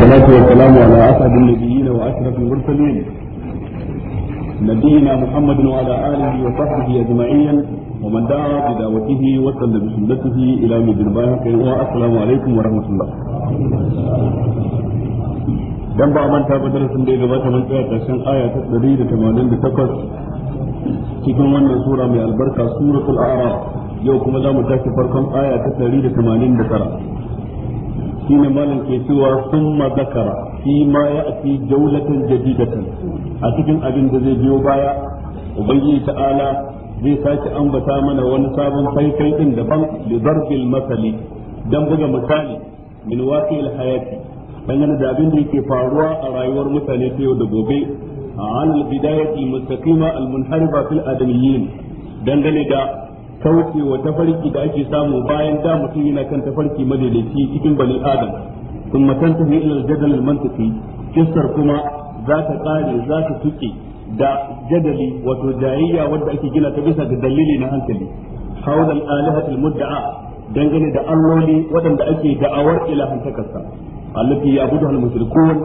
والصلاة والسلام على أسعد النبيين وأشرف المرسلين نبينا محمد وعلى آله وصحبه أجمعين ومن دعا بدعوته وسلم بسنته إلى يوم الدين والسلام عليكم ورحمة الله dan ba manta ba darasin da ya gabata mun tsaya karshen aya ta 188 cikin wannan sura mai albarka suratul a'raf yau kuma za mu tashi farkon aya ta 189 shine malam ke cewa summa zakara fi ma ya'ti jawlatan jadidatan a cikin abin da zai biyo baya ubangiji ta'ala zai sake ambata mana wani sabon faifai din daban li darbil masali dan buga misali min waqi'il hayati dangane da abin da yake faruwa a rayuwar mutane ta yau da gobe a al bidayati mustaqima al munharifa fil adamiyyin dangane da kauce wa tafarki da ake samu bayan da mutum yana kan tafarki madaidaici cikin bani adam sun matantahi ila al-jadal al kissar kuma za ta kare za ta tuke da jadali wato jayayya wanda ake gina ta bisa da dalili na hankali haula al-alihat al-mudda'a dangane da alloli waɗanda ake da'awar ilahantakarsa allati ya'budu al-mushrikun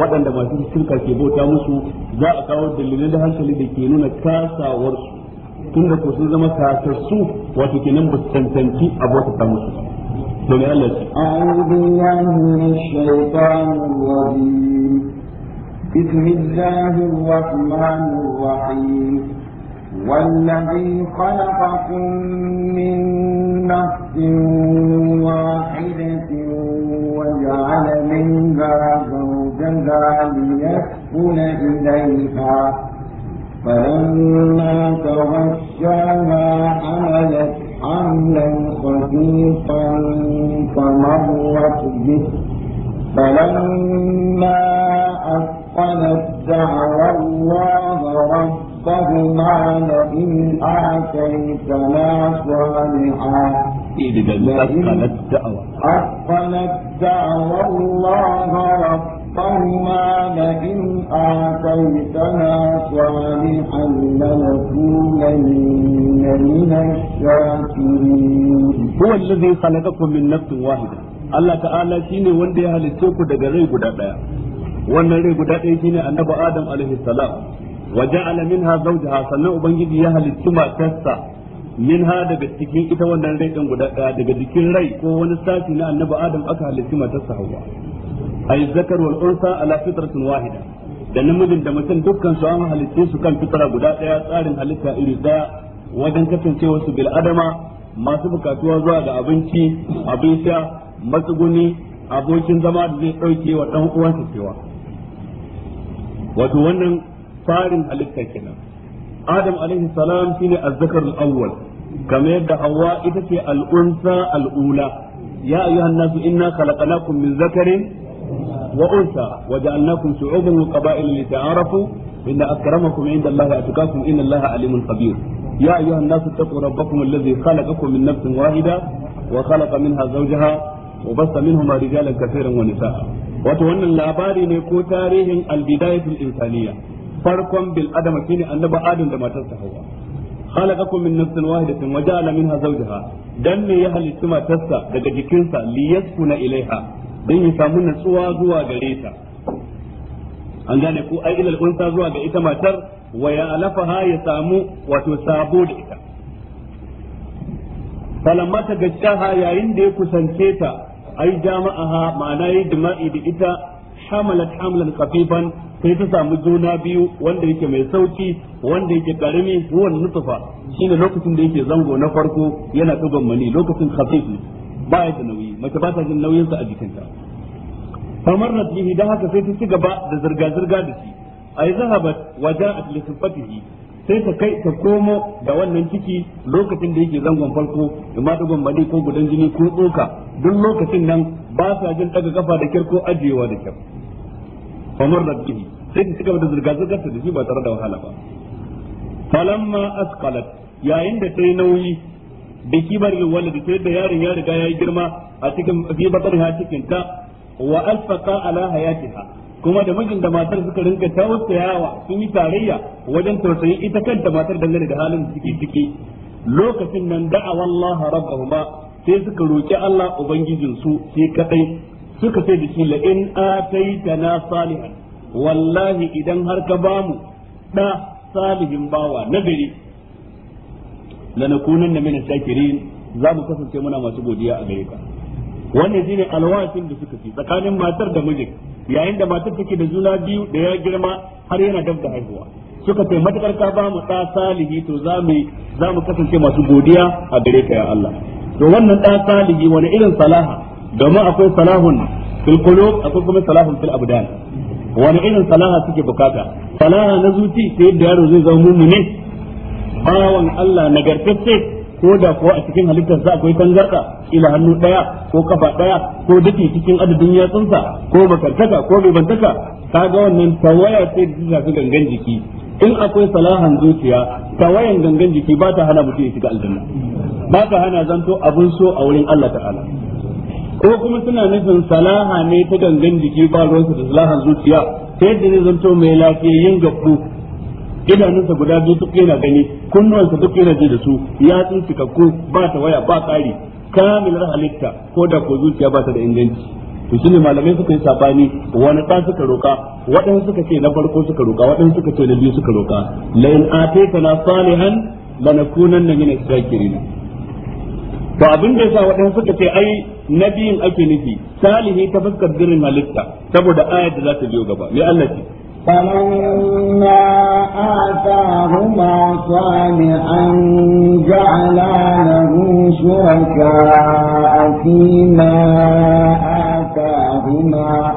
waɗanda masu shirka ke bauta musu za a kawo dalilan da hankali da ke nuna kasawarsu tun da ko sun zama kasassu wato kenan ba su tantanci abota ta musu domin Allah a'udhu billahi minash shaitanir rajim bismillahir rahmanir rahim والذي خلقكم من نفس واحدة وجعل منها زوجها ليسكن إليها فلما تغشاها حملت حملا خفيفا فمرت به فلما أثقلت دعوا الله ربهما لئن آتيتنا صالحا أثقلت دعوى الله ربهما الطعام لئن آتيتنا صالحا لنكونن من الشاكرين هو الذي خلقكم من نفس واحدة Allah ta'ala shine wanda ya halicce ku daga rai guda daya wannan rai guda daya shine annabi Adam alaihi salam wa ja'ala minha zawjaha sannan ubangiji ya halicci matarsa daga cikin ita wannan rai din guda ɗaya daga jikin rai ko wani sashi na annabi Adam aka halicci matarsa hawa ay zakar wal unsa ala fitratin wahida da namijin da mutum dukkan su an halitta su kan fitara guda daya tsarin halitta iri daya wajen kasance wasu bil adama masu bukatuwa zuwa ga abinci abin sha matsuguni abokin zama da zai dauke wa dan uwansa cewa wato wannan tsarin halitta kenan adam alaihi salam shine azzakar auwal awwal kamar yadda hawa ita ce al-unsa al-ula ya ayyuhan nasu inna khalaqnakum min zakarin وأنثى وجعلناكم شعوبا وقبائل لتعارفوا إن أكرمكم عند الله أتقاكم إن الله عليم خبير يا أيها الناس اتقوا ربكم الذي خلقكم من نفس واحدة وخلق منها زوجها وبث منهما رجالا كثيرا ونساء وتوانا الأباري نيكو تاريخ البداية الإنسانية فرقم بالأدم كيني أنبا آدم لما تستحوا خلقكم من نفس واحدة وجعل منها زوجها دني يهل السما تسا لجكنسا ليسكن إليها don ya samu natsuwa zuwa gare ta an gane ko ai ilal unsa zuwa ga ita matar wa ya alafaha ya samu wato sabo da ita falamma ta gaccaha yayin da ya kusance ta ai jama'aha ma'ana yi jima'i da ita hamalat hamlan qatiban sai ta samu juna biyu wanda yake mai sauki wanda yake karami ruwan nutfa shine lokacin da yake zango na farko yana tugon mani lokacin khafif ba ya da nauyi mace ba ta jin nauyin sa a jikinta famarrat bihi dan haka sai ta ci gaba da zirga zirga da shi ay zahabat wa ja'at li sifatihi sai ta kai ta komo da wannan ciki lokacin da yake zangon farko amma dogon bali ko gudan jini ko tsoka duk lokacin nan ba sa jin daga kafa da kirko ko ajiyewa da kyar famarrat bihi sai ta ci gaba da zirga zirgar da shi ba tare da wahala ba falamma asqalat yayin da ta yi nauyi bi kibar walad sai da yaron ya riga yayi girma a cikin bi batarha cikin ta wa alfaqa ala hayatiha kuma da mijin da matar suka rinka tausayawa sun yi tarayya wajen tausayin ita kanta matar dangane da halin da ciki lokacin nan da'awa Allah rabbahuma sai suka roki Allah su sai kadai suka ce da shi la in ataitana salihan wallahi idan har ka bamu da salihin bawa na nagari na min shakirin za mu kasance muna masu godiya a gare ka wannan shine alwasin da suka fi tsakanin matar da miji yayin da matar take da juna biyu da ya girma har yana dab da haihuwa suka ce matakar ka ba mu ɗa salihi to za mu za mu kasance masu godiya a gare ka ya Allah to wannan ɗa salihi wani irin salaha domin akwai salahun fil qulub akwai kuma salahun fil abdan wani irin salaha suke bukata salaha na zuci sai yadda yaro zai zama mu'mini bawan Allah nagartacce ko da kuwa a cikin halittar sa akwai tangarka ila hannu daya ko kafa daya ko dake cikin adadin yatsunsa ko makartaka ko bai bantaka kaga wannan tawaya ce da ta gangan jiki in akwai salahan zuciya tawayan gangan jiki ba ta hana mutum ya shiga aljanna ba ta hana zanto abun so a wurin Allah ta'ala ko kuma suna nufin salaha ne ta gangan jiki ba ruwansa da salahan zuciya ta yadda zai zanto mai lafiyayyen gafu idanunsa guda biyu duk yana gani kunnuwansa duk yana ji da su ya tsin cikakku ba ta waya ba tsari kamilar halitta ko da ko zuciya ba ta da inganci to shine malamai suka yi sabani wani da suka roka waɗansu suka ce na farko suka roka waɗansu suka ce na biyu suka roka la in ataitana salihan lanakunanna min ash-shakirin to abin da yasa waɗansu suka ce ai nabiyin ake nufi salihi ta fuskar girin halitta saboda ayat da za ta biyo gaba me Allah ce فلما آتاهما صالحا جعلا له شركاء فيما آتاهما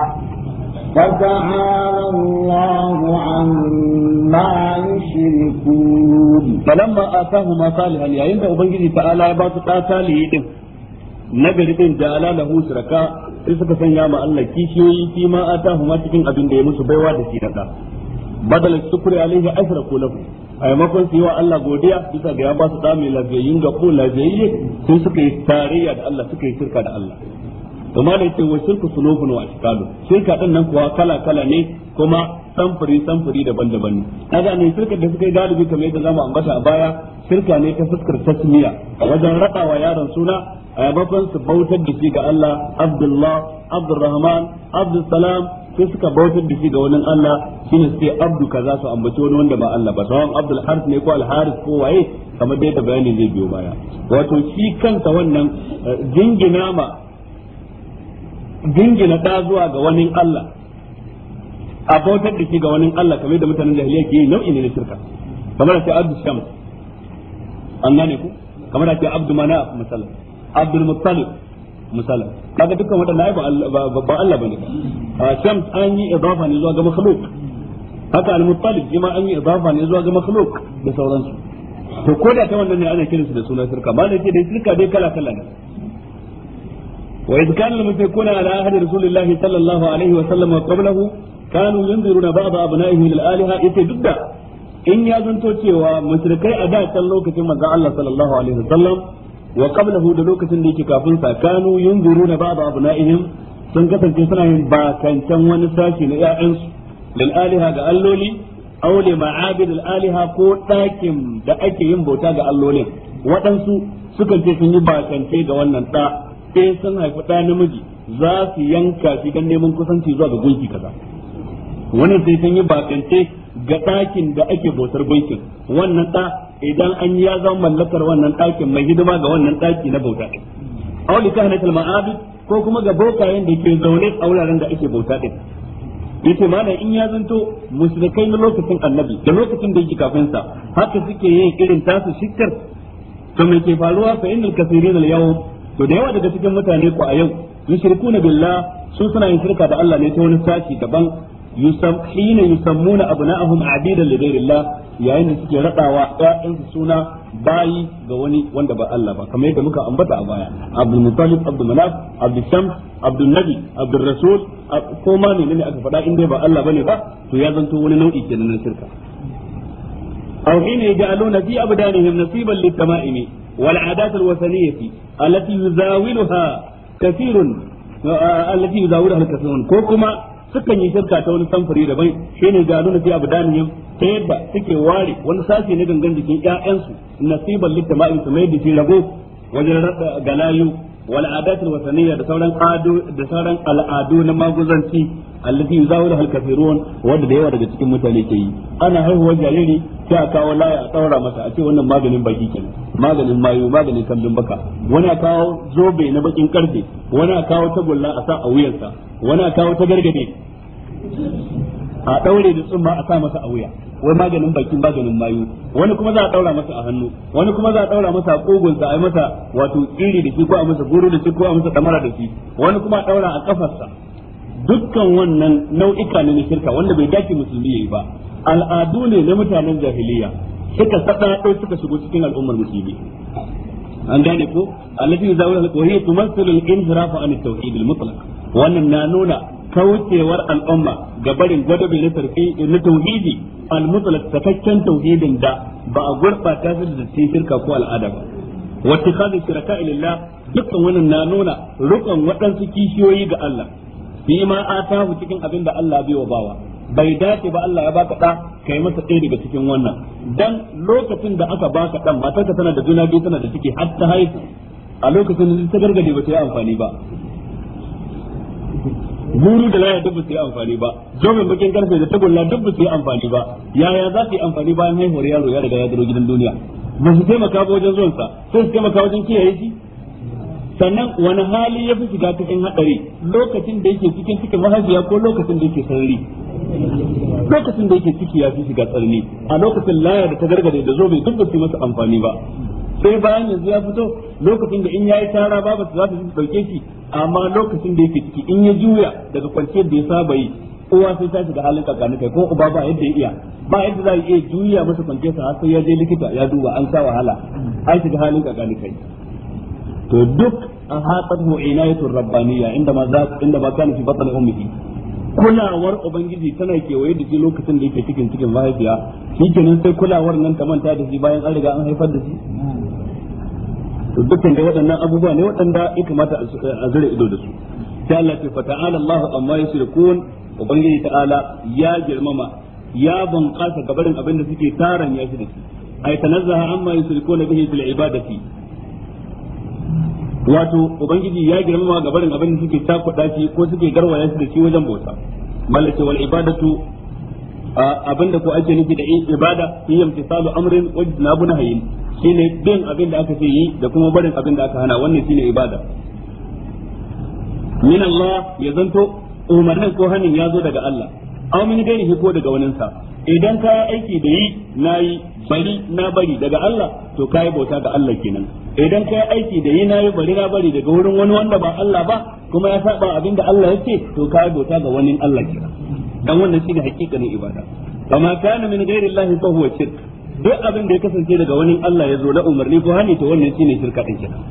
فتعالى الله عما يشركون فلما آتاهما صالحا يعني عند أبنجي تعالى يبعث صالحين nagari din alala hu shuraka sai suka sanya ma Allah kishiyoyi fi ma atahu ma cikin abin da ya musu baiwa da shi daga badal shukri alaihi ashraku lahu a makon su yi wa Allah godiya bisa ga ya ba su dami lafiyayyun ga ko lafiyayye sai suka yi tarayya da Allah suka yi shirka da Allah to malai ce wa shirku sunufun wa ashkalu shirka din nan kuwa kala kala ne kuma samfuri samfuri daban-daban ne kaga ne shirka da suka yi galibi kamar yadda zamu ambata a baya shirka ne ta fuskar tasmiya wajen raɗawa yaron suna a maimakon su bautar da shi ga Allah Abdullah Abdurrahman Abdussalam sai suka bautar da shi ga wani Allah shine sai Abdu kaza su ambaci wani wanda ba Allah ba sawan Abdul Harith ne ko Al Harith ko waye kamar dai da bayani zai biyo baya wato shi kanta wannan eh, jingina ma jingina ta zuwa ga wani Allah a bautar da shi ga wani Allah kamar da mutanen jahiliya ke yi nau'i ne na shirka kamar da sai Abdu Shams an gane ku kamar da sai Abdu Manaf misalan Abdul Muttalib misali kaga dukkan waɗannan ai ba Allah bane Shams an yi idafa ne zuwa ga makhluk haka al-Muttalib shi ma zuwa to ko da ta wannan ne ana kiransu da sunan shirka ba ne dai shirka dai kala kala ne wa idh kana al-mushrikuna ala ahdi rasulillahi sallallahu alaihi wa sallam wa qablahu kanu yunziruna ba'd abna'ihim lil alaha ita dukka in ya zanto cewa mushrikai a da can lokacin manzon Allah sallallahu alaihi wa sallam wa qablahu da lokacin da yake kafin sa kanu babu na ihim sun kasance suna yin bakantan wani sashi na ƴaƴansu lil aliha ga alloli aw li ma'abid al aliha ko dakin da ake yin bauta ga allolin waɗansu sukan ce sun yi bakance ga wannan da sai sun haifi ɗa namiji za su yanka shi don neman kusanci zuwa ga gunki kaza wannan sai sun yi bakance ga ɗakin da ake bautar gunkin wannan ɗa idan an yi ya zama mallakar wannan ɗakin mai hidima ga wannan ɗaki na bauta ɗin aw li kahnatil ma'abid ko kuma ga bokayen da ke zaune a wuraren da ake bauta ɗin yace mana in ya zanto musulkai na lokacin annabi da lokacin da yake kafin sa haka suke yin irin tasu shikkar to me ke faruwa fa innal kasirin al yawm to da yawa daga cikin mutane ko a yau yushrikuna billah su suna yin shirka da Allah ne ta wani sashi daban hina yusammuna abna'ahum abidan li ghayrillah yayin da suke radawa ƴaƴansu suna bayi ga wani wanda ba Allah ba kamar yadda muka ambata a baya Abdul Muttalib Abdul Manaf Abdul Shams Abdul Nabi Abdul Rasul ko ma ne ne aka faɗa in dai ba Allah bane ba to ya zanto wani nau'i kenan na shirka أو حين يجعلون في أبدانهم نصيبا للتمائم والعادات الوثنية التي يزاولها كثير التي يزاولها الكثيرون كوكما sukan yi shirka ta wani samfuri daban ne ga nuna fi abdanihim ta yadda suke ware wani sashi na gangan jikin ƴaƴansu nasiban littama'in su mai da rago wajen rada galayu wal adat al wataniyya da sauran ado da sauran al'adu na maguzanci allati yuzawiru al kafirun wanda da yawa daga cikin mutane ke yi ana haihuwar jariri sai a kawo laya a daura masa a ce wannan maganin baki kenan maganin mayu maganin kambin baka wani a kawo zobe na bakin karfe wani a kawo tagulla a sa a wuyansa wani a kawo tagargade a daure da tsumma a sa masa a wuya wai maganin bakin maganin mayu wani kuma za a daura masa a hannu wani kuma za a daura masa a kogon sa a yi masa wato tsiri da shi ko a masa goro da shi ko a masa damara da shi wani kuma a daura a kafarsa dukkan wannan nau'ika ne na shirka wanda bai dace musulmi yayi ba al'adu ne na mutanen jahiliya suka sada ɗaya suka shigo cikin al'ummar musulmi an gane ko allati zawal wa hiya tumassilu al-inhiraf an at-tauhid al-mutlaq wannan na nuna kaucewar al'umma ga barin gwadabe na sarki na tauhidi al sakakken tauhidin da ba a gurbata su da shirka ko al'ada ba wata kaza shirka ilallah dukkan wannan na nuna rukun waɗansu kishiyoyi ga Allah bi ma atahu cikin abin da Allah bai wa bawa bai dace ba Allah ya baka da kai masa ɗaya daga cikin wannan dan lokacin da aka baka dan matarka tana da juna biyu tana da ciki har ta haihu a lokacin da ta gargade ba ta yi amfani ba guru da laya dubu su yi amfani ba domin bakin karfe da tagulla dubu su yi amfani ba yaya za su yi amfani bayan haihuwar yaro ya riga ya duro gidan duniya ba su taimaka ba wajen zuwansa sai su taimaka wajen kiyaye shi sannan wani hali ya fi shiga cikin hadari lokacin da yake cikin cikin mahaifiya ko lokacin da yake sarari lokacin da yake ciki ya fi shiga tsarni a lokacin laya da ta gargade da zobe duk ba su masa amfani ba sai bayan yanzu ya fito lokacin da in yayi tara babu za su ji dauke shi amma lokacin da yake ciki in ya juya daga kwanciyar da ya saba yi uwa sai ta shiga halin kakani kai ko uba ba yadda ya iya ba yadda za a iya juya masa kwanciyar sa sai ya je likita ya duba an sa wahala an shiga halin kakani kai to duk an haɗa mu inayatul rabbaniyya inda ma za inda ma kana fi batn ummihi kulawar ubangiji tana kewaye da shi lokacin da yake cikin cikin mahaifiya shikenan sai kulawar nan ta manta da shi bayan an riga an haifar da shi to dukkan da waɗannan abubuwa ne waɗanda ya kamata a zura ido da su sai Allah ce fa ta'ala Allah amma yushrikun ubangiji ta'ala ya girmama ya bunƙasa gabarin abin da suke taran ya shi da shi ay tanazzaha amma yushrikuna bihi fil ibadati wato ubangiji ya girmama ga barin abin da suke takuɗa shi ko suke garwaya su da shi wajen bauta malaka wal ibadatu abinda ko ake nufi da ibada shi yamtisalu amrin na hayin shi shine bin abin da aka ce yi da kuma barin abin da aka hana wannan shine ibada min Allah ya zanto umarnin ko hanin ya zo daga Allah aw min gairihi ko daga waninsa idan ka aiki da yi na yi bari na bari daga Allah to ka yi bauta ga Allah kenan idan ka aiki da yi na yi bari na bari daga wurin wani wanda ba Allah ba kuma ya saba abin da Allah ya ce to ka yi bauta ga wani Allah kenan dan wannan shine hakikanin ibada kama kana min ghairi Allah fa huwa shirk duk abin da ya kasance daga wani Allah ya zo na umarni ko hani to wannan shine shirka din kenan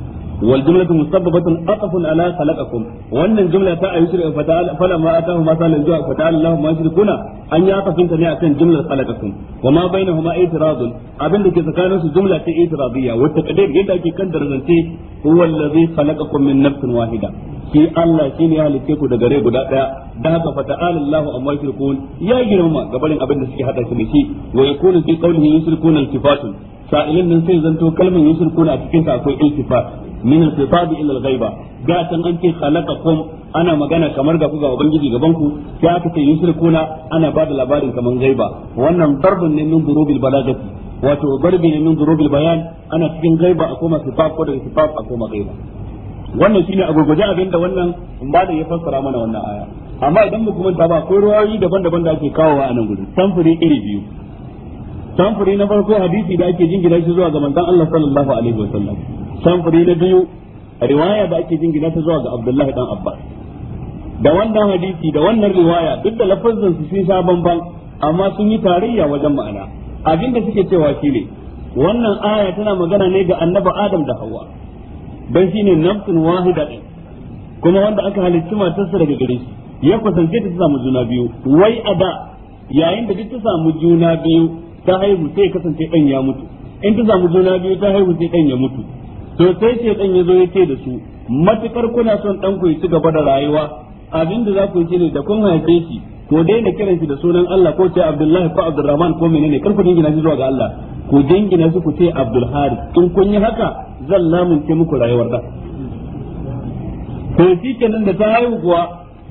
wal jumlatu musabbabatun atafun ala khalaqakum wannan jumla ta ayyushir fa ta'ala fala ma atahu ma sala jua fa ta'ala Allahu ma yushrikuna an ya tafinta ne akan jumlar khalaqakum wa ma bainahuma itiradun abin da ke tsakanin su jumla ta itiradiyya wa taqdir yadda ake kan darzance huwa allazi khalaqakum min nafsin wahida shi Allah shi ne halitte ku daga rai guda daya da haka fa ta'ala Allahu amma yushrikun ya girma gabarin abin da suke haɗa shi da shi wa yakunu fi qawlihi yushrikuna iltifatun nan sai zanto kalmar yushrikuna a cikin akwai min al-khitab ila al-ghaiba gatan an ce khalaqakum ana magana kamar ga ku ga ubangiji gaban ku sai aka ce yusrikuna ana bada labarin kaman ghaiba wannan darbun ne min durubil balagati wato darbi ne min durubil bayan ana cikin ghaiba a koma khitab ko daga khitab a koma ghaiba wannan shine a gurguje abin da wannan malam ya fassara mana wannan aya amma idan mu kuma ta ba ko ruwayi daban-daban da ake kawowa a nan gudu samfuri iri biyu samfuri na farko hadisi da ake jingina shi zuwa ga manzon Allah sallallahu alaihi wasallam samfuri na biyu riwaya da ake gida ta zuwa ga Abdullahi dan Abbas da wannan hadisi da wannan riwaya duk da lafazin su sun sha bamban amma sun yi tarayya wajen ma'ana abinda da suke cewa shine wannan aya tana magana ne ga annabi Adam da Hawwa dan shine nafsun wahida din kuma wanda aka halicci matarsa daga gare shi ya kusance ta samu juna biyu wai a da yayin da duk ta samu juna biyu ta haihu sai kasance ɗan ya mutu in ta samu juna biyu ta haihu sai ɗan ya mutu to sai ce dan ya zo ya ce da su matukar kuna son ɗan ku ci gaba da rayuwa abin da za ku yi ne da kun haife shi ko daina kiran shi da sunan Allah ko ce Abdullahi ko ko menene kar ku dingina shi zuwa ga Allah ku dingina shi ku ce Abdul hari in kun yi haka zan lamunce muku rayuwar da to shi kenan da ta haihu kuwa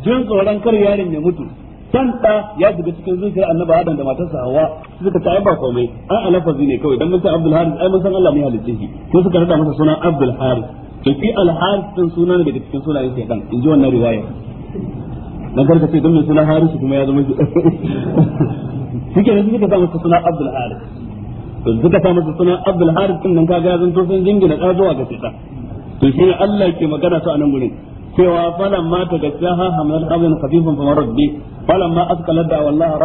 jin tsoron kar yarin ya mutu san da ya shiga cikin zuciyar annabi adam da matarsa hawa suka ta ba komai an alafazi ne kawai dan mun abdul haris ai mun san Allah ne halitta shi ko suka rada masa sunan abdul haris to fi al haris din sunan daga cikin sunayen shaytan in ji wannan riwaya dan karka ce sunan haris kuma ya zama ne suka masa sunan abdul haris to suka masa sunan abdul haris din nan kaga ya zanto sun jingina ka zuwa ga to shi Allah ke magana su a nan gurin cewa falan ma ta gassaha hamlan abin khafifan famar rabbi falan ma askala da la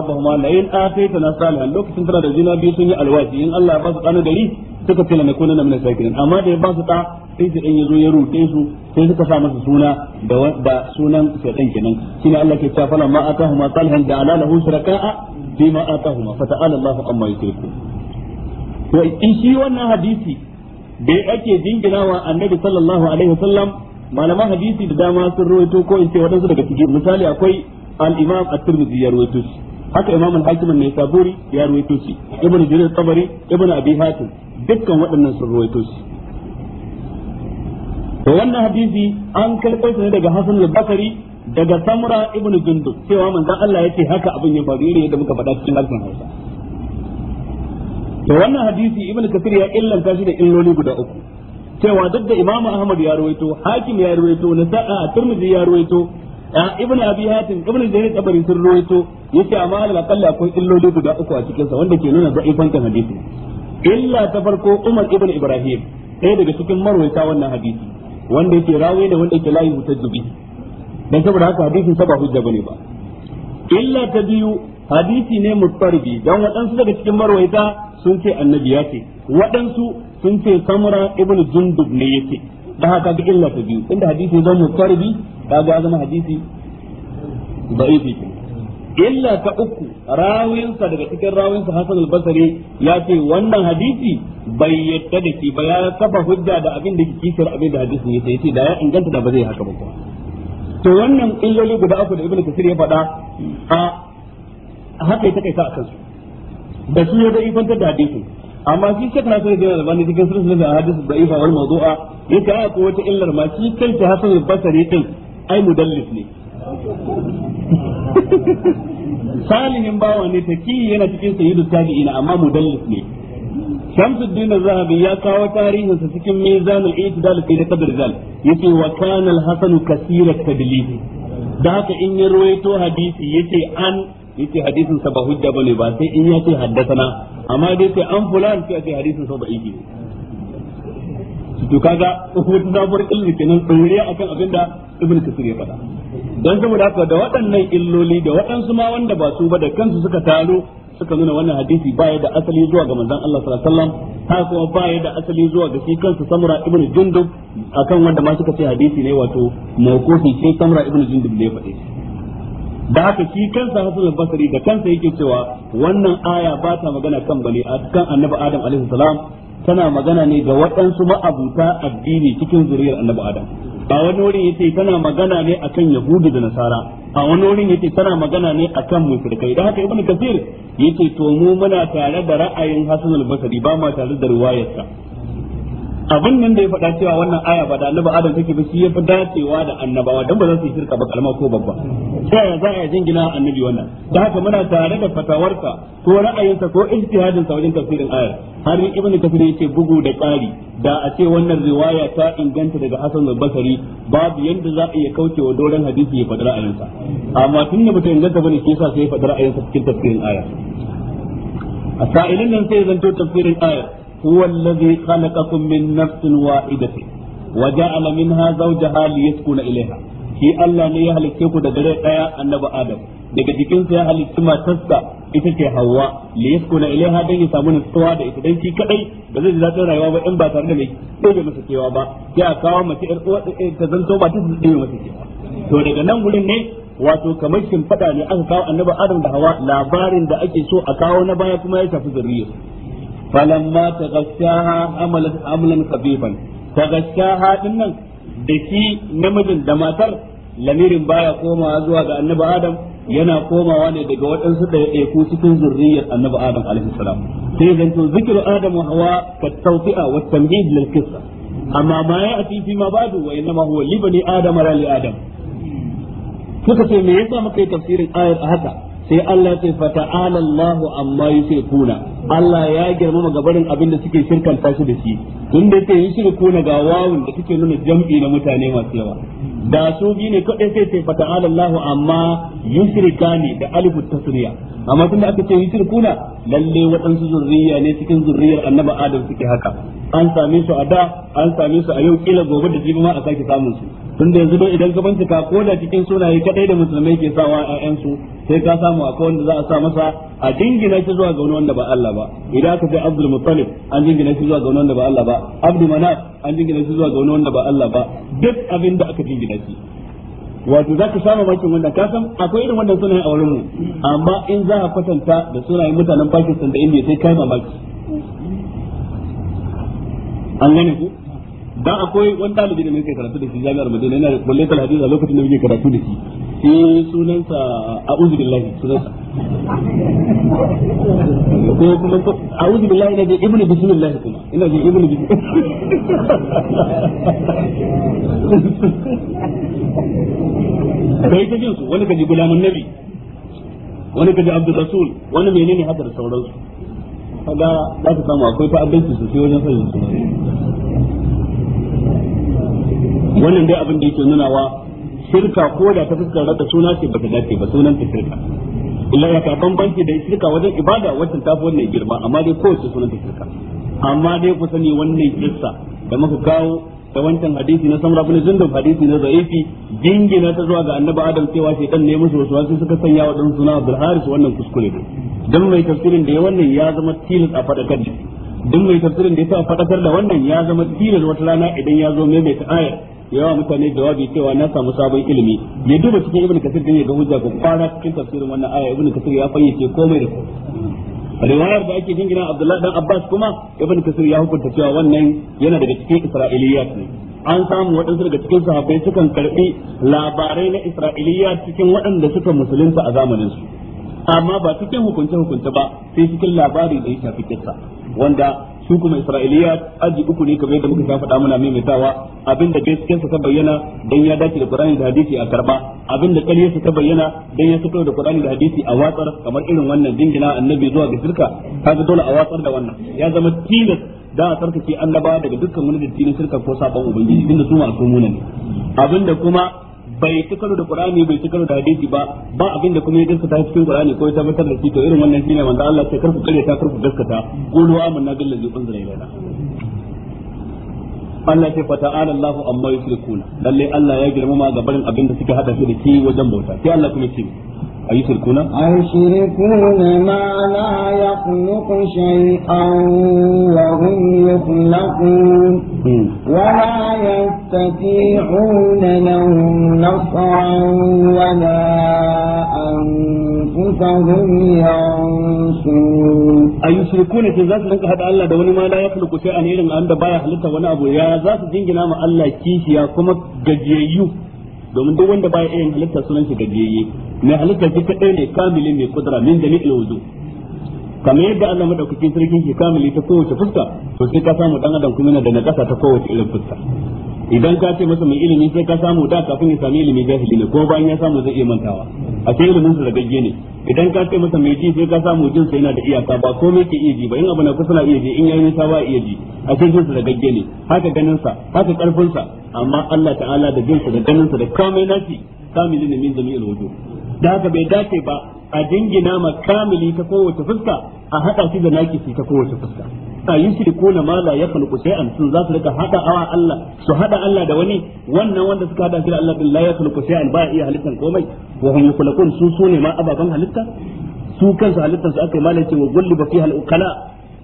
in lokacin tana da juna biyu sun yi alwashi in Allah ya ba su kana gari suka ce na kuna min sakirin amma da ya ba su ta sai dan yazo ya rute su sai suka sa masa suna da da sunan shaytan kenan shine Allah ke cewa falan ma atahuma salihan da ala lahu shuraka'a bima atahuma fa ta'ala Allah amma yushriku to in shi wannan hadisi da ake jinginawa annabi sallallahu alaihi wasallam malaman hadisi da dama sun rawaito ko in ce waɗansu daga ciki misali akwai al-imam at-tirmidhi ya rawaito shi haka imam al-hakim ne saburi ya rawaito shi ibnu jarir tabari ibnu abi hatim dukkan waɗannan sun rawaito shi to wannan hadisi an kalkar ne daga hasan al-basri daga samura ibnu jundub cewa manzon Allah yace haka abin ya faru yadda muka faɗa cikin harshen Hausa to wannan hadisi ibnu kasir ya illanta shi da illoli guda uku cewa duk da Imam Ahmad ya rawaito Hakim ya rawaito Nasa'a Tirmidhi ya rawaito Ibn Abi Hatim Ibn Jarir Tabari sun rawaito yace amma alal aqalla akwai illoli guda uku a cikin sa wanda ke nuna da'ifantan hadisi illa ta farko Umar ibn Ibrahim ɗaya daga cikin marwaita wannan hadisi wanda yake rawaye da wanda yake layi mutajjibi dan saboda haka hadisin sa ba hujja bane ba illa ta biyu hadisi ne mutarbi dan waɗansu daga cikin marwaita sun ce annabi ya ce waɗansu sun ce samura ibn jundub ne yake da haka ga illa ta biyu inda hadisi zan karbi mutarbi ga zama hadisi da'ifi illa ta uku rawinsa daga cikin rawinsa Hassan al-Basri ya ce wannan hadisi bai yadda da shi ba ya saba hujja da abin da kishir abin da hadisi yake yace da ya inganta da ba zai haka ba kuwa to wannan illoli guda uku da ibnu kasir ya faɗa a haka ya takaita a kansu da su ya da ifantar da hadisin amma shi shek na sai da albani cikin silsilar a hadisi da'ifa wal mawdu'a yake a ko wata illar ma shi kanta hasan al din ai mudallis ne salihin bawa ne taki yana cikin sayyidu tabi'ina amma mudallis ne Shamsuddin Zahabi ya kawo tarihin sa cikin mizanul itidal fi qadr zal yace wa kana al-hasan kaseera tadlis da haka in ya ruwaito hadisi yace an yace hadisin sa ba hujja bane ba sai in yace haddathana amma dai sai an fulan sai yace hadisin sa da'ifi ne to kaga wata zabar ilmi kenan tsoriya akan abinda ibn kasir ya faɗa dan saboda haka da waɗannan illoli da waɗansu ma wanda ba su ba da kansu suka taro suka nuna wannan hadisi baya da asali zuwa ga manzon Allah sallallahu alaihi wasallam haka kuma baya da asali zuwa ga shi kansa Samura ibnu Jundub akan wanda ma suka ce hadisi ne wato mawqufi sai Samura Ibnu Jundub ne ya faɗe da haka shi kansa Hassan basri da kansa yake cewa wannan aya ba ta magana kan bane kan Annabi Adam alaihi salam tana magana ne ga waɗansu ma'abuta addini cikin zuriyar Annabi Adam a wani wurin yace tana magana ne akan Yahudu da Nasara a wani wurin yace tana magana ne akan mushrikai da haka Ibn Kathir yace to mu muna tare da ra'ayin Hassan Basari basri ba ma tare da riwayarsa abin nan da ya faɗa cewa wannan aya ba da annaba adam take ba shi ya fi dacewa da annabawa dan ba za su yi shirka ba kalma ko babba sai ya za a jingina annabi wannan da haka muna tare da ka ko ra'ayinsa ko ijtihadinsa sa wajen tafsirin ayar har ibnu kafir yace bugu da ƙari da a ce wannan riwaya ta inganta daga hasan al Basari babu yadda za a iya kaucewa doren hadisi ya faɗi ra'ayinsa amma tun da mutum inganta bane shi sa sai ya faɗi ra'ayinsa cikin tafsirin ayar a sa'ilin nan sai zanto tafsirin ayar هو الذي خلقكم من نفس واحدة وجعل منها زوجها ليسكن إليها shi Allah ne ya halicce ku daga rai daya annabi Adam daga jikinsa ya halicci matarsa ita ce Hawwa Liyaskuna yaskuna ilaiha dan ya samu nutsuwa da ita dan shi kadai ba zai ji daɗin rayuwa ba in ba tare da mai ɗaya masa cewa ba sai a kawo mace ƴar uwa eh, ta zanto ba ta ɗaya masa cewa to daga nan gurin ne wato kamar shin fada ne aka kawo annabi Adam da Hawwa labarin da ake so a kawo na baya kuma ya shafi zuriyarsu falamma tagashaha hamalat amlan khafifan tagashaha dinnan da shi namijin da matar lamirin baya komawa zuwa ga annabi adam yana komawa ne daga waɗansu ɗaiɗaiku cikin zurriyar annabi adam alaihi salam sai zanto zikiru hawa ka tawfi'a wa tamhid lil qissa amma ma ya'ti fi ma ba'du wa innama huwa li bani adam ra li adam suka ce me yasa muka yi tafsirin ayar a haka sai Allah ya ce fata'ala Allahu amma kuna Allah ya girma gabarin abin da suke shirkan fashi da shi tun da yake shirku ga wawun da suke nuna jam'i na mutane masu yawa da su bi ne kaɗai sai ce fata alallahu amma yusrika ne da alifu tasriya amma tunda aka ce yushrikuna lalle waɗansu zurriya ne cikin zurriyar annaba adam suke haka an same su a da an same su a yau kila gobe da jibi ma a sake samun su tunda yanzu don idan ka ka ko da cikin sunaye kaɗai da musulmai ke sawa ƴan su sai ka samu akwai wanda za a sa masa a dingina shi zuwa ga wani wanda ba Allah ba idan aka ce Abdul Muttalib an dingina shi zuwa ga wani wanda ba Allah ba Abdul Manaf an jingina shi zuwa ga wani wanda ba Allah ba duk abin da aka jingina shi wato za samu bakin wanda ka san akwai irin wannan sunayen a mu amma in za ka kwatanta da sunayen mutanen Pakistan da India sai kai mamaki an gane ku da akwai wani dalibi da muke karatu da shi jami'ar Madina yana da kullai hadisi a lokacin da muke karatu da shi sunansa a sunansa ko kuma a na da ibnu ina ibnu kai wani kaji gulamun nabi wani abdul wani menene nini sauransu kaga za ka samu akwai fa'adanci wajen sanin su wannan dai abin da yake nunawa shirka ko da ta fuskar rada suna ce bata dace ba sunan ta shirka illa ya ka bambanci da shirka wajen ibada wacce ta fi wannan girma amma dai kowace sunan ta shirka amma dai ku sani wannan kissa da muka kawo da wancan hadisi na samra bin zundub hadisi na zaifi jingina ta zuwa ga annabi adam cewa Dan ne musu wasu wasu suka sanya wa dan suna abdul haris wannan kuskure ne dan mai tafsirin da ya wannan ya zama tilas a fadakar da duk mai tafsirin da ya ta fadakar da wannan ya zama tilas wata rana idan ya zo mai mai ta ayar yawa mutane jawabi cewa na samu sabon ilimi ya duba cikin ibn kasir din ya ga hujja ko kwana cikin tafsirin wannan aya ibn kasir ya fayyace komai da komai riwayar da ake jingina abdullahi dan abbas kuma ibn kasir ya hukunta cewa wannan yana daga cikin isra'iliyat ne an samu waɗansu daga cikin sahabbai sukan karɓi labarai na isra'iliyat cikin waɗanda suka musulunta a zamanin su amma ba cikin hukunce hukunce ba sai cikin labari da ya shafi kissa wanda su kuma isra'iliya aji uku ne kamar yadda muka sha faɗa muna maimaitawa abinda gaskiyarsa ta bayyana dan ya dace da qur'ani da hadisi a karba abin abinda ƙaryarsa ta bayyana dan ya fito da qur'ani da hadisi a watsar kamar irin wannan dingina annabi zuwa ga shirka kaga dole a watsar da wannan ya zama tilas da a sarkace annaba daga dukkan wani datti shirka ko sabon ubangiji tunda su ma'sumuna ne abinda kuma bai ci karo da qur'ani bai ci karo da hadisi ba ba abin da kuma ya gaskata cikin qur'ani ko ya tabbatar da shi to irin wannan shine manzo Allah sai karku kare ta karku gaskata qulu amanna billahi unzila ilayna Allah ce fata'ala Allah amma yushrikuna lalle Allah ya girmama gabarin abin da suke hada shi da shi wajen bauta sai Allah kuma ce أيشركون أيشركون ما لا يخلق شيئا وهم يخلقون ولا يستطيعون لهم نصرا ولا أنفسهم ينصرون أيشركون في ذات لك هذا الله دون ما لا يخلق شيئا إلا أن بايا خلقه ونأبو يا ذات جنجنا ما الله كيشيا كما gajiyayyu domin duk wanda baya irin halitta sunan shi gajiyayye mai halitta shi ɗaya ne kamilin mai kudura min jami'il wuzu kamar yadda Allah madaukakin sarkin shi kamili ta kowace fuska to sai ka samu dan adam kuma yana da nakasa ta kowace irin fuska idan ka ce masa mai ilimi sai ka samu da kafin ya sami ilimi jahili ne ko bayan ya samu zai iya mantawa a sai ilimin sa ragagge ne idan ka ce masa mai ji sai ka samu jin sa yana da iyaka ba ko komai ke iya ji ba in abu na kusa na iya ji in yayin sa ba iya ji a sai jin sa ragagge ne haka ganin sa haka karfin sa amma Allah ta'ala da jin sa da ganin sa da kamai nasi kamilin min jami'il wujud da haka bai dace ba a dingina makamili ta kowace fuska a haɗa shi da nakisi ta kowace fuska a yi ko na ma la yakhluqu shay'an sun za su rika hada awa Allah su haɗa Allah da wani wannan wanda suka haɗa shi da Allah din la yakhluqu shay'an ba iya halittan komai wa hum yukhlaqun su sune ma ababan halitta su kansu halittar su aka yi malai wa gulli ba fi halukala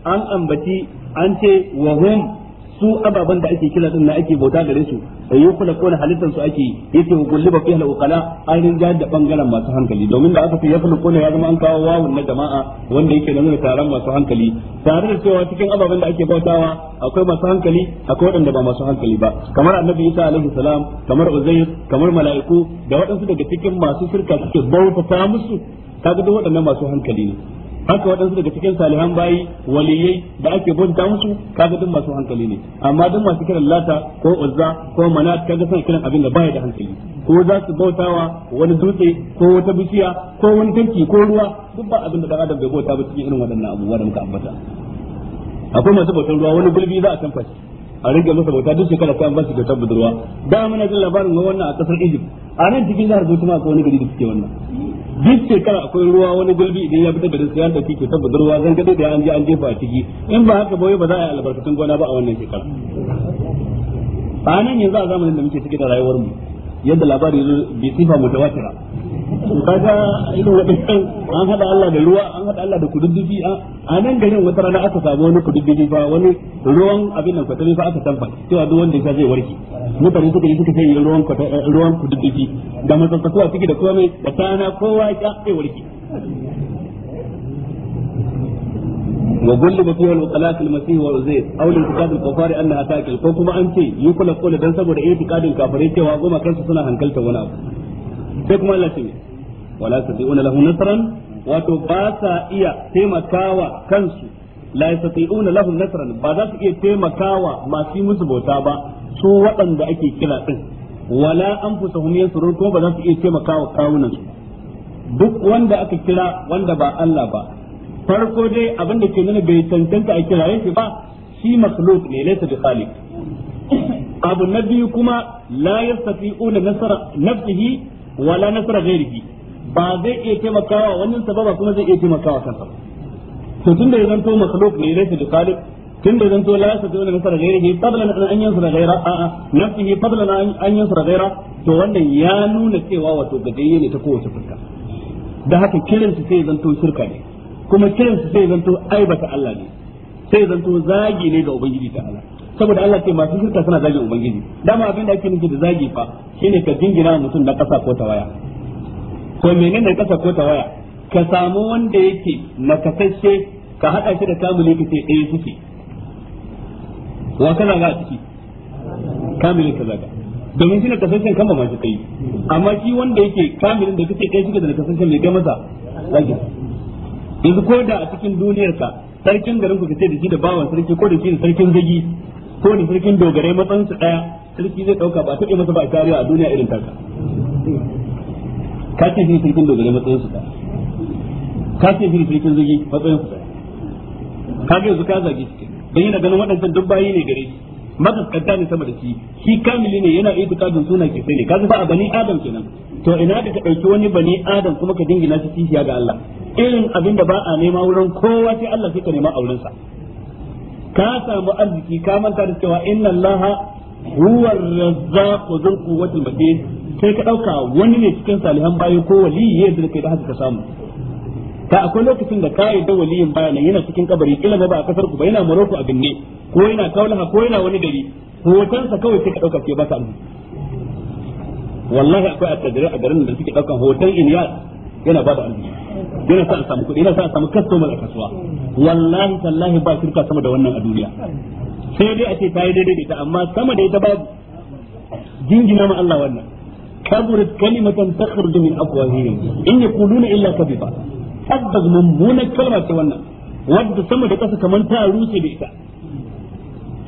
an ambaci an ce wa hum su ababan da ake kira din na ake bauta gare su da yi kula kona halittar su ake yace gulli ba fiha ukala ainihin rinja da bangaren masu hankali domin da aka fi ya kula kona ya zama an kawo wawun na jama'a wanda yake nuna taron masu hankali tare da cewa cikin ababen da ake bautawa akwai masu hankali akwai waɗanda ba masu hankali ba kamar annabi Isa alaihi salam kamar Uzair kamar mala'iku da waɗansu daga cikin masu shirka suke bautata musu kaga duk waɗannan masu hankali ne haka waɗansu daga cikin salihan bayi waliyai da ake bauta musu kaga duk masu hankali ne amma duk masu kiran lata ko uzza ko manat kaga suna kiran abin da baya da hankali ko za su bautawa wani dutse ko wata bishiya ko wani tanki ko ruwa duk ba abin da dan adam bai bauta ba cikin irin waɗannan abubuwa da muka ambata akwai masu bautar ruwa wani gulbi za a canfa a rage masa bauta duk shekara sai an ba shi kyautar da muna jin labarin wannan a kasar Egypt a nan cikin jihar Bauchi ma akwai wani gari da suke wannan duk shekara akwai ruwa wani gulbi idan ya fitar da siyar da ke tabbatar ruwa zan gado da an je an jefa a ciki in ba haka ba ba za a yi albarkatun gona ba a wannan shekara a nan yanzu a zamanin da muke cike da rayuwar mu yadda labari zo bi sifa mutawatira kaga irin waɗannan an haɗa Allah da ruwa an haɗa Allah da kududdufi a nan garin wata rana aka samu wani kududdufi fa wani ruwan abin nan kwatami fa aka tamba cewa duk wanda ya zai warke mutane suka yi suka sai ruwan eh, ruwan kududdufi da matsatsatuwa suke da kome da tana kowa ya sai warke وغلب فيها الوكلاء المسيح والعزير او لانتقاد الكفار انها تاكل ko kuma an ce yi kula kula dan saboda itikadin kafirai cewa goma kansu suna hankalta wani abu sai kuma Allah ce wala una lahu nasran wato ba sa iya taimakawa kansu la yastati'una lahu nasran ba za su iya taimakawa masu musu bauta ba su waɗanda ake kira din wala anfusahum yansurun ko ba za su iya taimakawa kawunan su duk wanda aka kira wanda ba Allah ba farko dai abin da ke nuna bai tantanta a kiraye shi ba shi makhluq ne laysa bi khaliq abu na biyu kuma la yastati'una nasra nafsihi wala nasara ghairihi ba zai iya taimakawa wannan sababa kuma zai iya taimakawa kansa to tunda ya ne laysa bi tunda la yasa an a a nafsihi an to wannan ya nuna cewa wato gajiyye ne ta kowace fuska da haka sai zanto shirka ne kuma kiransu sai zanto aibata Allah ne sai zanto zagi ne ga ubangiji ta Allah saboda Allah ce masu shirka suna zagin ubangiji dama abin da ake nufi da zagi fa shine ka jingina mutum na kasa ko ta waya. Ko menene kasa ko ta waya ka samu wanda yake na kasashe ka hada shi da kamuli ka ce ɗaya eh suke wa kana ga ciki kamilin ka zaga domin shi nakasashen kan ba ma shi kai amma shi wanda yake kamilin da kake ɗaya suke da nakasashen mai kai masa zagi yanzu ko da a cikin duniyarka sarkin garin ku kace da shi da bawan sarki ko da shi da sarkin zagi ko ne sarkin dogarai matsayin su daya sarki zai dauka ba taɓa masa ba a a duniya irin taka ka ce shi sarkin dogarai matsayin su daya ka ce shi sarkin zugi matsayin su daya ka ga yanzu ka zage shi dan yana ganin waɗansan duk bayi ne gare shi makaskanta ne sama da shi shi kamili ne yana itikadin suna ke sai ne kaga ba a bani adam kenan to ina da ka dauki wani bani adam kuma ka dingina shi kishiya ga Allah irin abin da ba a nema wurin kowa sai Allah sai ka nema auren sa ka samu arziki ka manta da cewa inna Allah huwa ar-razzaqu dhul quwwati matin sai ka dauka wani ne cikin salihan bayi ko wali ya da kai da haka ka samu Ta akwai lokacin da ka da waliyin bayanan yana cikin kabari kila ba a kasar ku ba yana Morocco a binne ko yana kaulaha ko yana wani gari hotonsa kawai sai ka dauka sai ba sa arziki wallahi akwai a a garin da suke daukan hoton Ilyas yana ba da arziki yana sa a samu kuɗi yana sa a samu customer a kasuwa wallahi tallahi ba shirka sama da wannan a duniya sai dai a ce ta yi daidai da amma sama da ita babu jingina ma Allah wannan kaburat kalimatan takhruju min afwahihim in yaquluna illa kadhiba tabbas mummunar kalma ce wannan wadda sama da ƙasa kamar ta rushe da ita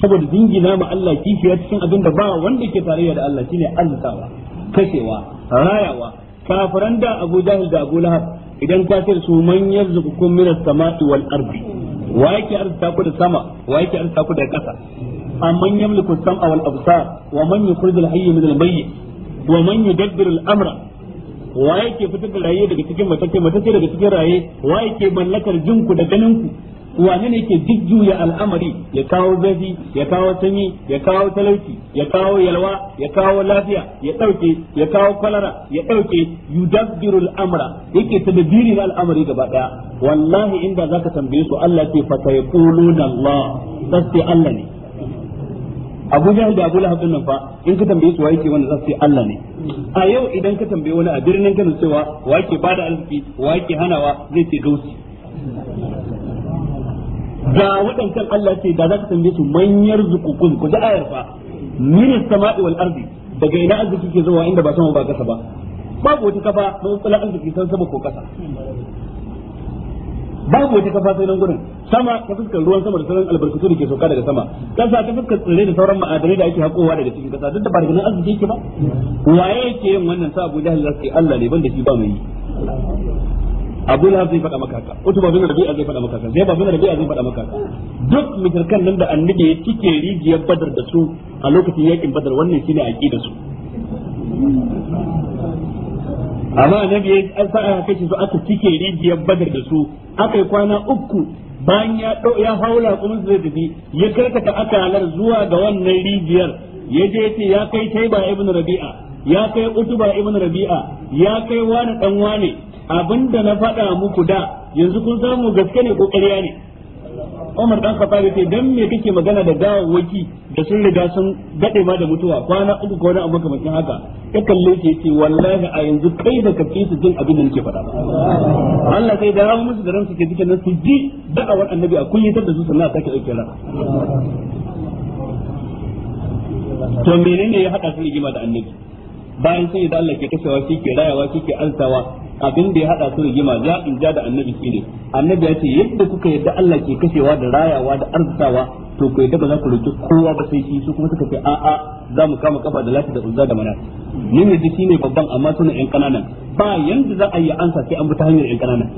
saboda jingina ma Allah kishiya cikin abin da ba wanda ke tarayya da Allah shine azzatawa kashewa rayawa kafiran da Abu Jahil da Abu Lahab idan ka ce su man yarzuqukum min as-samai wal ardi wa yake arzuta ku da sama wa yake arzuta ku da ƙasa amman yamliku as-sam'a wal absar wa man yukhrijul hayya min al-mayyit wa man yudabbiru al-amra wa yake fitar da raye daga cikin matacce matacce daga cikin raye wa yake mallakar jinku da ganin wane ne ke jujjuya al'amari ya kawo zafi ya kawo sanyi ya kawo talauci ya kawo yalwa ya kawo lafiya ya dauke ya kawo kwalara ya dauke yudabbiru amra, yake tadbiri na al'amari gaba daya wallahi inda zaka tambaye su Allah ce fa sayquluna Allah sai Allah ne Abu Jahl da Abu Lahab nan fa in ka tambaye su waye wanda za ce Allah ne a yau idan ka tambaye wani a birnin Kano cewa waye ke bada arziki waye ke hanawa zai ce gausi ga waɗancan Allah ce da za ka tambaye su man yarzuqukum ku ji ayar fa min as-sama'i wal ardi daga ina arziki ke zuwa inda ba sama ba kasa ba babu wata kafa na tsala arziki san sama ko kasa babu wata kafa sai nan gurin sama ta fuskar ruwan sama da sauran albarkatu da ke sauka daga sama kasa ta fuskar tsirrai da sauran ma'adanai da ake hakowa daga cikin kasa duk da ba daga nan arziki yake ba waye yake yin wannan sa Abu Jahal zai Allah ne banda shi ba mai abu lahab zai faɗa maka haka utba bin zai faɗa makaka, zai ba bin rabi'a zai faɗa makaka. duk mutarkan nan da annabi ya cike rijiyar badar da su a lokacin yakin badar wannan shine da su amma annabi ya sa aka kashe su aka cike rijiyar badar da su aka yi kwana uku bayan ya ya haula kuma zai tafi ya karkata akalar zuwa ga wannan rijiyar ya je ya ce ya kai taiba ibn rabi'a ya kai utuba ibn rabi'a ya kai wani dan wane abin da na faɗa muku da yanzu kun samu gaske ne ko ƙarya ne Umar dan Khattab yace dan me kake magana da gawawaki da sun riga sun dade ma da mutuwa kwana uku ko wani abu kamar haka ya kalle shi yace wallahi a yanzu kai da kake su jin abin da nake faɗa Allah sai da rawu musu da ran ke cikin su ji da'awar annabi a kullitar da su sannan a sake dauke to menene ya hada su rigima da annabi bayan sun yi da Allah ke kashewa shi ke rayawa shi ke ansawa abin da ya hada su rigima ja in ja da annabi shi ne annabi ya ce yadda kuka yadda Allah ke kashewa da rayawa da arzawa to ku yadda ba za ku roki kowa ba sai shi su kuma suka ce a a za mu kama kafa da lati da uzza da mana ni ne shi ne babban amma suna yan kananan ba yanda za a yi ansa sai an bi ta hanyar yan kananan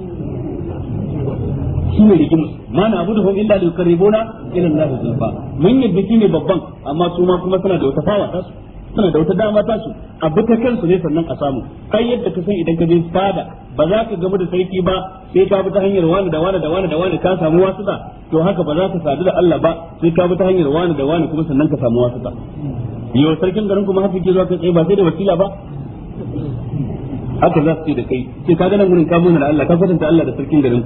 shi ne rigima ma na abu da hum illa li yuqarribuna ila Allah zulfa mun yadda ne babban amma su ma kuma suna da wata fawa ta su suna da wata dama ta su a ta kansu ne sannan a samu kai yadda ka san idan ka je fada ba za ka gamu da sarki ba sai ka bi ta hanyar wani da wani da wani da wani ka samu wasuta to haka ba za ka sadu da Allah ba sai ka bi ta hanyar wani da wani kuma sannan ka samu wasuta yau sarkin garin kuma haka ke zuwa kai tsaye ba sai da wakila ba haka za su ce da kai sai ka ganin wurin kamun da Allah ka kwatanta Allah da sarkin garin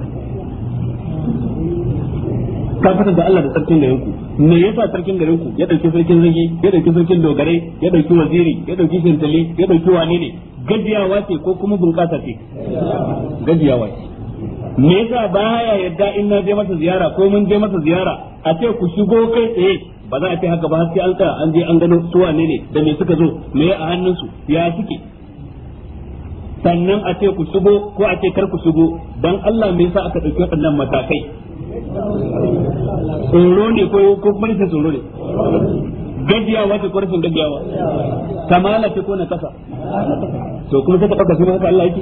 ka kwatanta Allah da sarkin garin ku me yasa sarkin garin ku ya dauki sarkin zage ya dauki sarkin dogare ya dauki waziri ya dauki shintali ya dauki wane ne gajiyawa ce ko kuma bunƙasa ce gajiyawa ce me yasa ya yadda in na je masa ziyara ko mun je masa ziyara a ce ku shigo kai tsaye ba za a ce haka ba har sai an tsaya an je an gano su wane ne da me suka zo me a hannunsu ya suke sannan a ce ku shigo ko a ce kar ku shigo dan Allah me yasa aka dauki waɗannan matakai tsoro ne ko ko barkin tsoro ne gajiyawa ce ko rashin gajiyawa kamala ce ko na kasa to kuma sai ka dauka shi ma haka Allah yake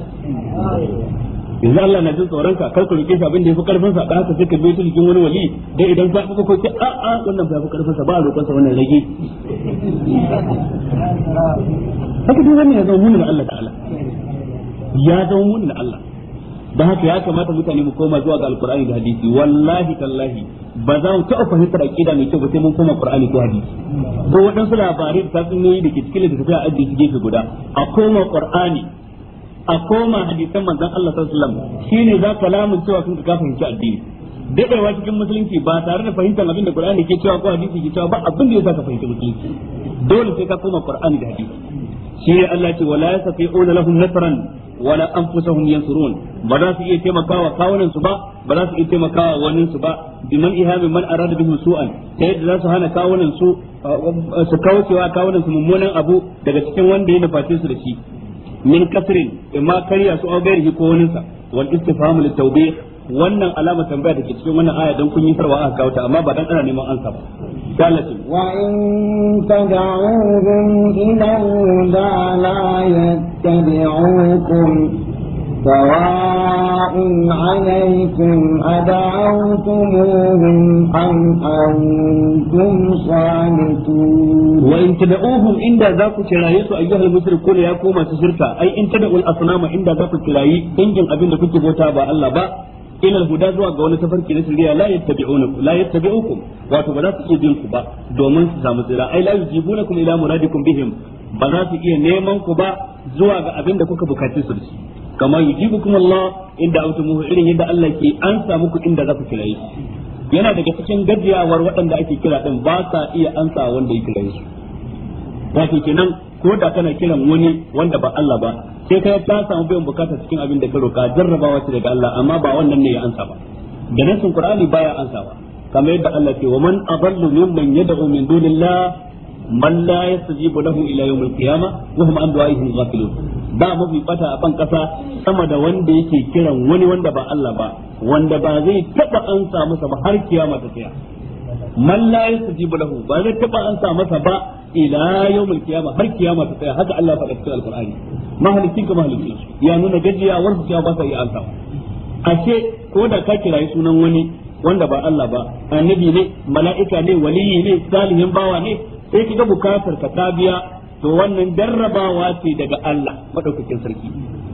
yanzu Allah na jin tsoron ka kar ka rike shi abin da yafi karfin sa ba haka sai ka bi shi cikin wani wali dai idan ka fuka ko ce a a wannan bai fi karfin sa ba roƙon sa wannan rage haka duk wannan ya zama munin Allah ta'ala ya zama munin Allah da haka ya kamata mutane mu koma zuwa ga alqur'ani da hadisi wallahi tallahi ba za mu taɓa fahimtar aqida mai kyau ba sai mun koma qur'ani ko hadisi ko waɗansu labarai da tatsuniyoyi da ke cikin littattafai a ajiye su gefe guda a koma qur'ani a koma hadisan manzon Allah sallallahu alaihi wasallam shine za ka lamun cewa sun ka fahimci addini daɗewa cikin musulunci ba tare da fahimtar abin da qur'ani ke cewa ko hadisi ke cewa ba abin da ya ka fahimci musulunci dole sai ka koma qur'ani da hadisi ne Allah ce wala yasafi'una lahum nasran wala anfusahum yansurun ba za su iya taimakawa kawunan su ba ba za su iya taimakawa wanin su ba biman ihamin man arada bihim su'an ta yadda za su hana kawunan su uh, su kaucewa kawunan su mummunan abu daga cikin wanda ya nuface su da shi min kasrin imma karya su au gairihi ko waninsa wal istifhamu litawbih wannan alama tambaya da cikin wannan aya don kun yi farwa a kawo ta amma ba dan tsara neman ansa ba galatin wa in tad'uhum ila da yattabi'ukum sawa'un 'alaykum ad'awtumuhum am antum salitun wa in tad'uhum inda za ku kiraye su mushriku ya koma shirka ai in tad'ul asnama inda za ku kirayi dingin abin da kuke bota ba Allah ba ila huda zuwa ga wani tafarki na shari'a la yattabi'unakum la yattabi'ukum wato ba za su iya bin ku ba domin su samu tsira ai la yujibunakum ila muradikum bihim ba za su iya neman ku ba zuwa ga abinda kuka bukaci su ci kama yujibukum Allah inda irin yadda Allah ke an samu ku inda za ku kira yana daga cikin gajiyawar waɗanda ake kira din ba sa iya ansa wanda ya kira wato kenan ko da kana kiran wani wanda ba Allah ba sai kai ka samu biyan bukata cikin abin da ka roka jarrabawa ce daga Allah amma ba wannan ne ya ansa ba da nasin Qur'ani baya ansawa kamar yadda Allah ce wa man adallu mimman yad'u min dunillah man la yastajibu lahu ila yawmil qiyamah wa hum an du'a'ihim ghafilun ba mafi bata a ban kasa sama da wanda yake kiran wani wanda ba Allah ba wanda ba zai taba ansa masa ba har kiyama ta tsaya man la yastajibu lahu ba zai taba an sa masa ba ila yawmul qiyama har kiyama ta tsaya haka Allah faɗa cikin alqur'ani mahalikin ka mahalikin ya nuna gajiya wanda ya ba sa yi ansa ashe ko da ka kirayi sunan wani wanda ba Allah ba annabi ne mala'ika ne waliyi ne salihin bawa ne sai kiga bukatar ka ta biya to wannan jarrabawa ce daga Allah madaukakin sarki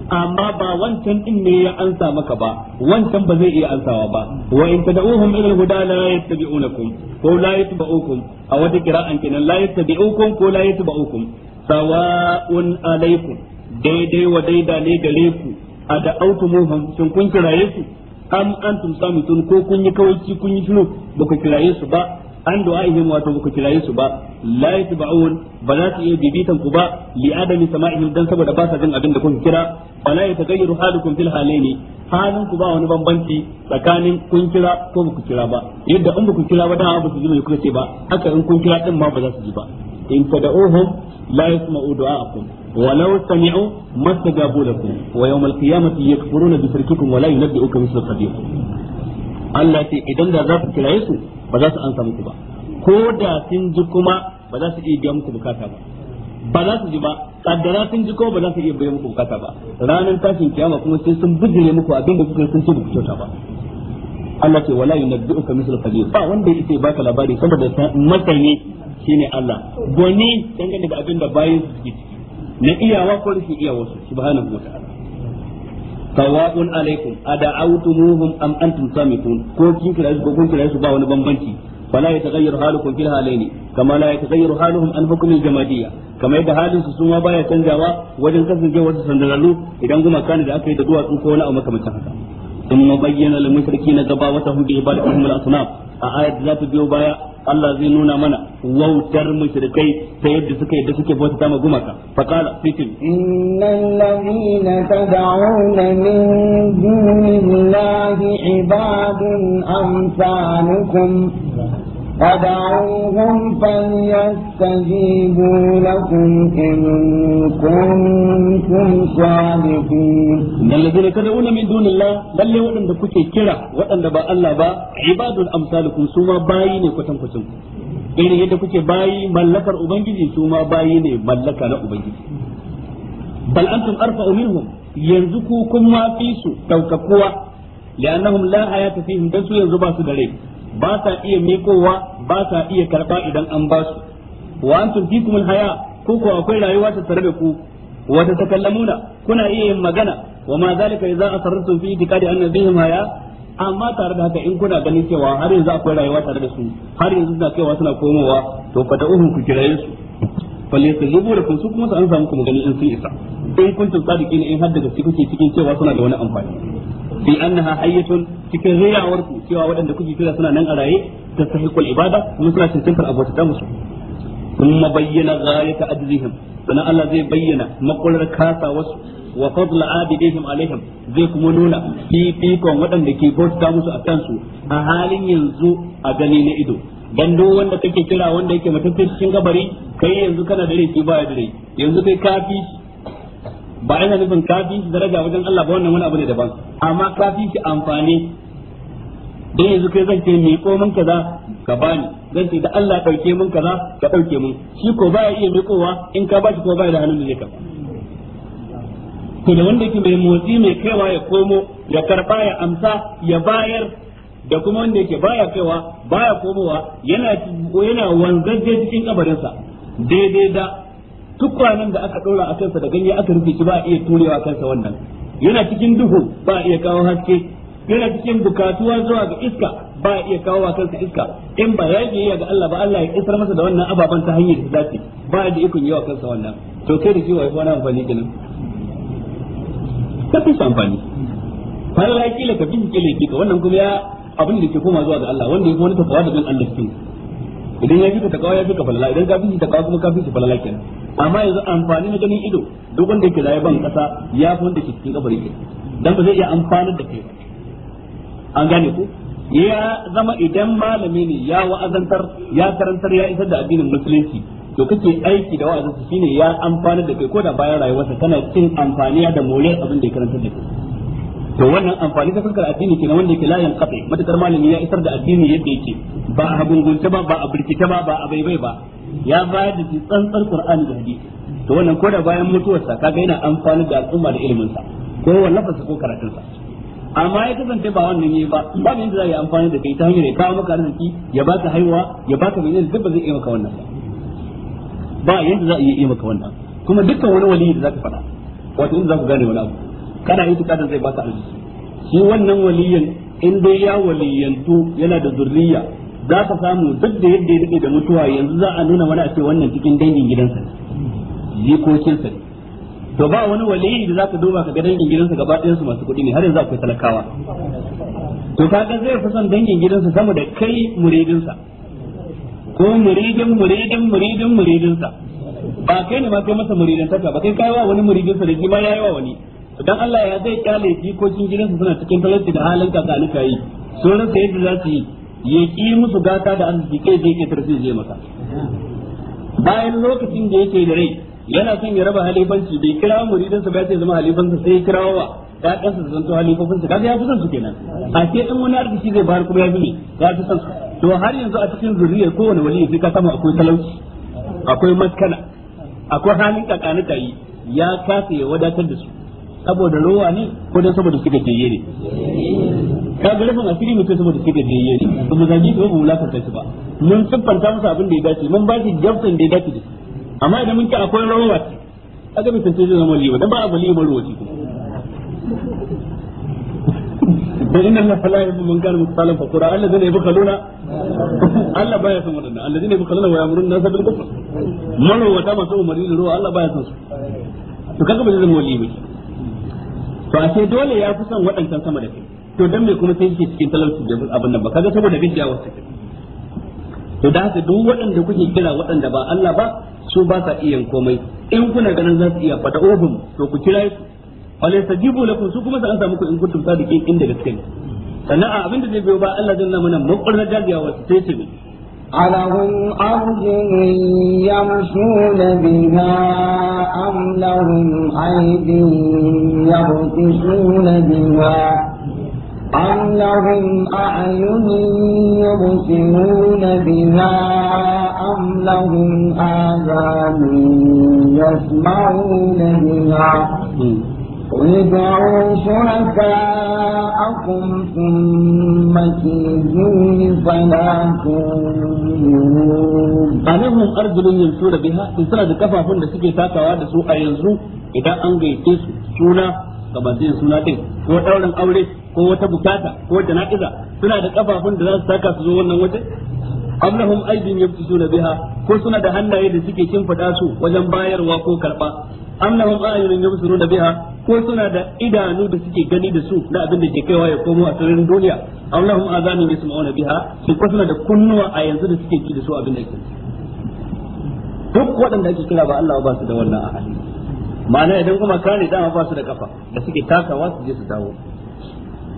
amma ba wancan din ne ya ansa maka ba wancan ba zai iya ansawa ba wa in tad'uhum ila al-huda la yattabi'unakum ko la yattabi'ukum a wata qira'an kenan la yattabi'ukum ko la yattabi'ukum sawa'un alaykum daidai wa daida ne gare ku a da autumuhum sun kun kiraye su am antum samitun ko kun yi kawai kun yi shiru ba ku kiraye su ba an du'a'ihim wato ba ku kiraye su ba la yatba'un ba za su iya bibitan ku ba li adami sama'ihim dan saboda ba sa jin abin da kun kira wala yataghayyaru halukum fil halaini halin ku ba wani bambanci tsakanin kun kira ko ba ku kira ba yadda in ba ku kira ba da ba su ji mai kuka ce ba haka in kun kira din ma ba za su ji ba in tad'uhum la yasma'u du'a'akum ولو سمعوا ما استجابوا لكم ويوم القيامة يكفرون بشرككم ولا ينبئك مثل خبير Allah ce idan da za ku kiraye su ba za su ansa muku ba ko da sun ji kuma ba za su iya biya muku bukata ba ba za su ji ba kaddara sun ji ko ba za su iya bayyana muku bukata ba ranar tashin kiyama kuma sai sun bijire muku abin da kuka sun ce ba kyauta ba Allah ce wala yunabbi'uka misal khabir ba wanda yake baka labari saboda masani shine Allah goni dangane da abin da bayin su ji ciki na iyawa ko rashin iyawa su subhanahu wa ta'ala sawa'un alaikum ada'awtumuhum am antum samitun ko kin kira su ko kun kira su ba wani bambanci فلا يتغير حالكم في الحالين كما لا يتغير حالهم عن حكم الجمادية كما يدى حالهم سسوما بايا تنجاوا وجن كسن جوا سندلالو إذا كما كان إذا أكيد دوا سنكونا أو مكما تحكا ثم بين للمشركين قباوتهم بإبادتهم الأصنام آية ذات بيو بايا Allah zai nuna mana wautar mushrikai ta yadda suka yadda suke bauta ma gumaka faqala fitin innal ladina tad'una min dunillahi ibadun amsalukum فدعوهم فليستجيبوا لكم إن كنتم صادقين الذين تدعون من دون الله بل وأن كتي كرة وأن با الله با عباد أمثالكم سوما باين كتم كتم إن يد كتي باي ملكر أبنجي سوما باين ملكر أبنجي بل أنتم أرفع منهم يرزقكم ما في سوء توككوا لأنهم لا حياة فيهم دسوا ينزبا سدرين ba sa iya mekowa ba sa iya karba idan an ba su wa antum fikum alhaya ko ko akwai rayuwa ta tare da ku wa tatakallamuna kuna iya yin magana wa ma zalika idza asarrtum fi itiqadi bihim haya amma tare da haka in kuna ganin cewa har yanzu akwai rayuwa tare da su har yanzu suna kaiwa suna komowa to fa da'uhum ku kiraye su falle su zubu da su kuma su an samu kuma ganin in sun isa in kuntum sadiqin in har daga cikin cikin cewa suna da wani amfani bi annaha hayyatun cikin riyawar ku cewa waɗanda kuke kira suna nan a raye ta sahiqul ibada kuma suna cancantar abota ta musu kuma bayyana ghayata ajrihim sannan Allah zai bayyana makular kasa wasu wa fadla abidihim alaihim zai kuma nuna fifikon waɗanda ke bauta musu a kansu a halin yanzu a gani na ido dan duk wanda kake kira wanda yake mutunci cikin gabari kai yanzu kana dare ki baya dare yanzu kai kafi ba ina nufin kafi shi daraja wajen Allah ba wannan wani abu ne daban amma kafi shi amfani dan yanzu kai zan ce ni ko kaza ka bani zan ce da Allah dauke mun kaza ka dauke mun shi ko baya iya mikowa in ka bashi ko baya da hannun zai ka to da wanda yake mai motsi mai kaiwa ya komo ya karba ya amsa ya bayar da kuma wanda yake baya kaiwa baya komowa yana yana wanzaje cikin kabarinsa daidai da duk kwanan da aka ɗora a kansa da ganye aka rufe shi ba a iya turewa kansa wannan yana cikin duhu ba a iya kawo haske yana cikin bukatuwa zuwa ga iska ba a iya kawo wa kansa iska in ba ya yi ga Allah ba Allah ya isar masa da wannan ababen ta hanyar da zafi ba da ikon yi wa kansa wannan to kai da shi wa wani amfani kenan ka fi amfani fara la kila ka bin kila ka wannan kuma ya abin da ke koma zuwa ga Allah wanda fi wani tafawa da bin Allah cikin idan ya fita takawa ya ka falala idan ka fita takawa kuma ka fita falala kenan amma yanzu amfani na ganin ido duk wanda yake rayuwa ban kasa ya fi wanda ke cikin kabari ke dan ba zai iya amfanar da kai an gane ku ya zama idan malami ne ya wa'azantar ya karantar ya isar da addinin musulunci to kake aiki da su shine ya amfanar da kai ko da bayan rayuwarsa kana cin amfaniya da moriyar abin da ya karantar da kai to wannan amfani da fuskar addini kenan wanda yake layan kafe matakar malami ya isar da addini yadda yake ba a gungunce ba ba a birkice ba ba a baibai ba ya bayar da tsantsar qur'ani da hadisi to wannan ko da bayan mutuwarsa kaga yana amfani da al'umma da ilimin sa ko wallafarsa ko karatun sa amma ya kasance ba wannan ne ba ba mai da zai amfani da kai ta hanyar ya kawo maka arziki ya baka haihuwa ya baka mai duk ba zai iya maka wannan ba yadda za a iya maka wannan kuma dukkan wani wali da zaka faɗa wato za zaka gane wani abu kana yi tukadar zai baka arziki shi wannan waliyin in dai ya waliyantu yana da zurriya za ka samu duk da yadda ya rike da mutuwa yanzu za a nuna wani a ce wannan cikin dangin gidansa jikokinsa ne to ba wani waliyi da za ka duba ka ga dangin gidansa gaba ɗayan su masu kuɗi ne har yanzu akwai talakawa to ka ga zai fi son dangin gidansa sama da kai muridinsa ko muridin muridin muridin muridinsa ba kai ne ma kai masa muridin taka ba kai kai wa wani muridinsa da kima yi wa wani dan Allah ya zai kyale jikokin gidansa suna cikin talauci da halin kaka ni yi. sun sai yadda za su yi ya ki musu gata da arziki kai zai ke tarfi zai maka bayan lokacin da yake da rai yana son ya raba halifanci bai kira muridansa ba sai zama halifansa sai ya kira wa ƴaƴansa da zanto halifofinsa kaga ya fi son su kenan a ce in wani arziki zai bayar kuma ya fi ne ya fi son su to har yanzu a cikin zuriyar kowane wali sai ka sama akwai talauci akwai maskana akwai halin kakani yi ya kasa ya wadatar da su saboda rowa ne ko dan saboda suka jeye ne ka ga rufin asiri mutum saboda suka jeye ne ba mu zagi ko ba mu lafanta shi ba mun siffanta musu abin da ya dace mun ba shi jabtin da ya dace da amma idan mun ce akwai rowa ga mutum sai zama liwa dan ba abu liwa rowaci ce dan inna Allah fala yuhibbu man kana fa qura mutalan fakura alladhina yabkhaluna Allah baya son wannan wadannan alladhina yabkhaluna wa yamuruna nasa bil kufr marwata masu umarni da ruwa Allah baya son su to kaga ba zai zama wali ba to a ce dole ya fi son waɗancan sama da kai to dan me kuma sai yake cikin talauci da abin nan ba kaga saboda bidiya wasu ke? to da haka duk waɗanda kuke kira waɗanda ba Allah ba su ba sa iya komai in kuna ganin za su iya fada uhum oh, to ku kira su walai sajibu lakum su kuma sa an samu ku in kuntum sadiqin inda gaske sannan abin da zai biyo ba Allah zai nuna mana muqarrar dajiya wasu sai ce ألهم أرجل يمشون بها أم لهم أيد يبطشون بها أم لهم أعين يبصرون بها أم لهم آذان يسمعون بها ادعوا شركاءكم ثم كيدوني فلا تنظرون ألهم أرجل يمشون بها إن سنة كفا هن سكي تاكا وادا سوء ينزو إذا أنجي تيس سونا gabatin suna ɗin ko ɗaurin aure ko wata bukata ko jana'iza suna da kafafun da za su saka su zo wannan wajen am aydin yabtisuna biha ko suna da hannaye da suke kin fada su wajen bayarwa ko karba annahum a'yunun yubsiruna biha ko suna da idanu da suke gani da su da abin da ke kaiwa ya komo a sararin duniya annahum azanun yasma'una biha shi ko suna da kunnuwa a yanzu da suke ji da su abin da ke duk waɗanda ake kira ba Allah ba su da wannan a hali ma'ana idan kuma ka ne dama ba su da kafa da suke takawa su je su dawo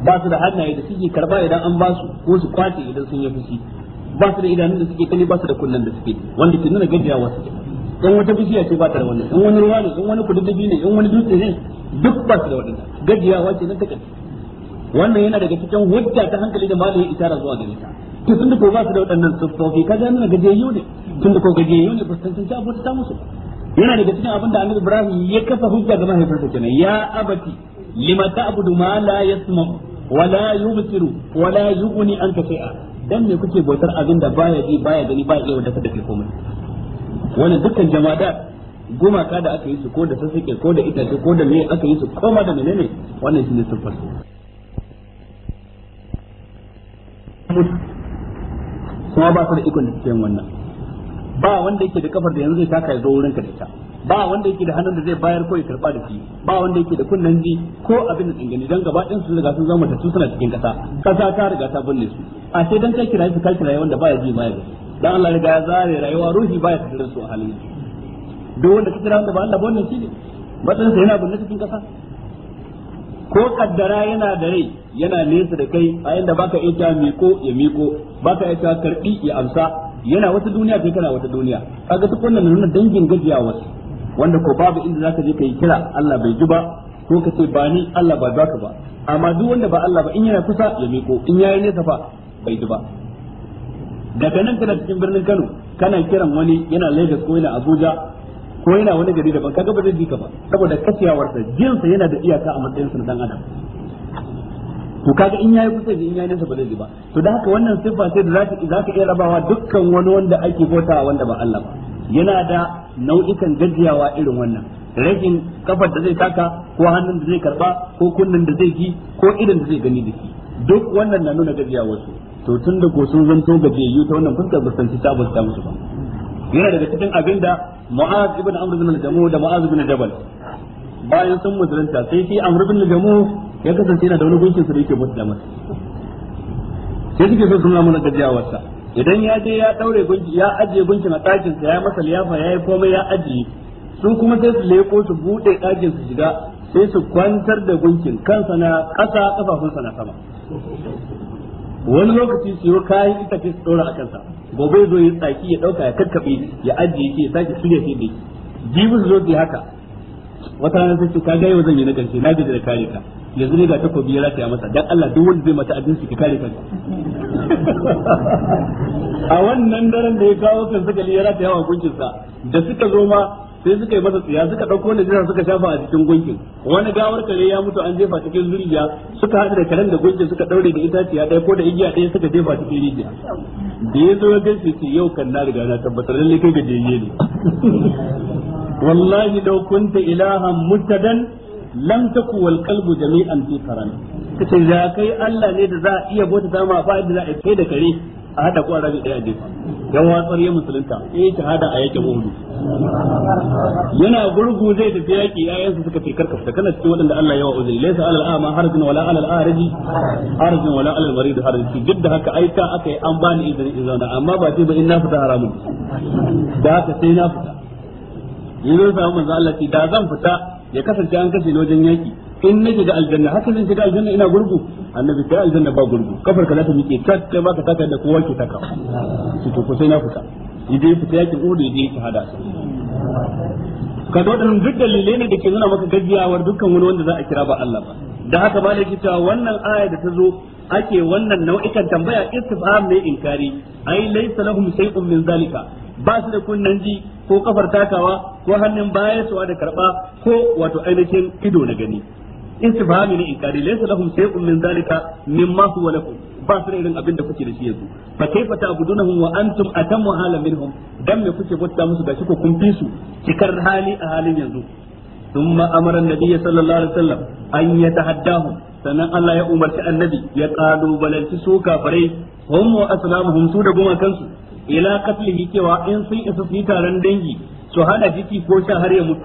ba su da hannaye da suke karba idan an ba su ko su kwace idan sun yi fushi ba su da idanun da suke kani ba su da kunnen da suke wanda ke nuna wasu ke. in wata bishiya ce ba ta da wannan in wani ruwa ne in wani kududdufi ne in wani dutse ne duk ba su da waɗannan gajiyawa ce na takardu wannan yana daga cikin hujja ta hankali da malai isara zuwa gare ta to da ko ba su da waɗannan siffofi kaga nan gajiyayyu ne da ko gajiyayyu ne ba su san ta ta musu yana daga cikin abin da Annabi Ibrahim ya kafa hujja ga mahaifinsa kenan ya abati lima ta'budu ma la yasma wa la yubsiru wa la yughni anka shay'a dan me kuke bautar abin da baya ji baya gani baya iya wadatar da kai komai wani dukkan jama'a gumaka da aka yi su ko da sassuke ko da itace ko da me aka yi su koma da menene wannan shine siffar kuma ba su da ikon da suke wannan ba wanda yake da kafar da yanzu zai taka ya zo wurin ka da ita ba wanda yake da hannun da zai bayar ko ya karba da shi ba wanda yake da kunnen ji ko abin da tsingani dan gaba ɗin su riga sun zama tattu suna cikin kasa kasa ta riga ta binne su a sai dan kai kirayi su kai kirayi wanda ba ya ji ba ya gani dan Allah riga ya zare rayuwa ruhi baya tafirin su a halin duk wanda kira wanda ba Allah ba wannan shine matsan sa yana bunne cikin kasa ko kaddara yana da rai yana nesa da kai a inda baka ita miko ya miko baka ita karbi ya amsa yana wata duniya kai kana wata duniya kaga duk wannan nuna dangin gajiya wasu wanda ko babu inda zaka je kai kira Allah bai ji ba ko ka ce ba ni Allah ba zaka ba amma duk wanda ba Allah ba in yana kusa ya miko in yayi nesa fa bai ji ba daga nan kana cikin birnin Kano kana kiran wani yana Lagos ko yana Abuja ko yana wani gari daban kaga ba zai ji ka ba saboda kashiyawar sa jinsa yana da iyaka a matsayin sa dan adam to kaga in yayi kusa da in yayi nasa ba zai ba to da haka wannan siffa sai da zaka zaka iya rabawa dukkan wani wanda ake bauta wanda ba Allah ba yana da nau'ikan gajiyawa irin wannan rashin kafar da zai taka ko hannun da zai karba ko kunnen da zai ji ko idan da zai gani da shi duk wannan na nuna gajiyawar su to tun da ko sun zanto gajiyayyu ta wannan fuskar ba san ci ta ta musu ba yana daga cikin abin da Mu'az ibn Amr ibn al-Jamu da Mu'az ibn Jabal bayan sun musulunta sai fi Amr ibn al-Jamu ya kasance yana da wani gunkin su da yake musu da masa sai suke so sun mana gajiyawarsa idan ya je ya daure gunki ya ajiye gunkin a ɗakin sa ya masa liyafa ya yi komai ya ajiye su kuma sai su leko su bude ɗakin su shiga sai su kwantar da gunkin kansa na ƙasa kafafunsa na sama wani lokaci su yi kayan ke su ɗora a kansa gobe zo ya tsaki ya ɗauka ya kakkabe ya ajiye shi ya sake shirya shi ne jibin zo bi haka wata rana sai ce ka ga yau zan yi na ƙarshe na gaji da kare ka yanzu ne ga takobi ya rataya masa dan Allah duk wanda zai mata su ki kare ka. a wannan daren da ya kawo kan gali ya rataya wa gunkin da suka zo ma sai suka yi masa tsiya suka ɗauko wani jira suka shafa a cikin gunkin wani gawar kare ya mutu an jefa cikin zuriya suka haɗu da karen da gunkin suka ɗaure da itaciya ɗaya ko da igiya ɗaya suka jefa cikin rijiya da ya zo ya gaishe yau kan na riga na tabbatar lallai kai ga jeye ne wallahi da kunta ilahan mutadan lam taku wal qalbu jami'an fi qaran kace ya kai Allah ne da za a iya bauta dama ba da za a kai da kare a haɗa ko a rabi ɗaya a jefa yan watsar ya musulunta ya yi shahada a yakin Uhud yana gurgu zai tafi yaki yayansa suka ce karka fita kana cikin waɗanda Allah ya wa uzuri laysa alal a'ma harajin wala alal arji harajin wala alal marid harajun duk da haka aika aka yi an bani izini in zauna amma ba ce ba in na fita haramun da haka sai na fita yanzu sai manzo Allah ce da zan fita ya kasance an kashe ni wajen yaki in na shiga aljanna haka zan shiga aljanna ina gurgu annabi sai aljanna ba gurgu kafar ka za ta miƙe kat kai ma ka taka da kowa ke taka ki to ko sai na fita idan fita yakin uhudu idan shahada ka da wadannan duk dalilai ne da ke nuna maka gajiyawar dukkan wani wanda za a kira ba Allah ba da haka ba da kita wannan aya da ta zo ake wannan nau'ikan tambaya istifham ne inkari ai laysa lahum shay'un min zalika ba su da kunnan ji ko kafar takawa ko hannun baya suwa da karba ko wato ainihin ido na gani istifhami ne inkari laysa lahum shay'un min zalika mimma huwa lakum ba su irin abin da kuke da shi yanzu fa kaifa ta'budunahum wa antum atammu halan minhum dan me kuke bauta musu gashi ko kun fi su cikar hali a halin yanzu ثم أمر النبي صلى الله عليه وسلم أن يتحداهم sannan Allah ya umarci annabi ya kalubalanci su kafirai hum wa aslamuhum su da goma kansu ila qatlihi cewa in sun isa su taron dangi su hana jiki ko sha har ya mutu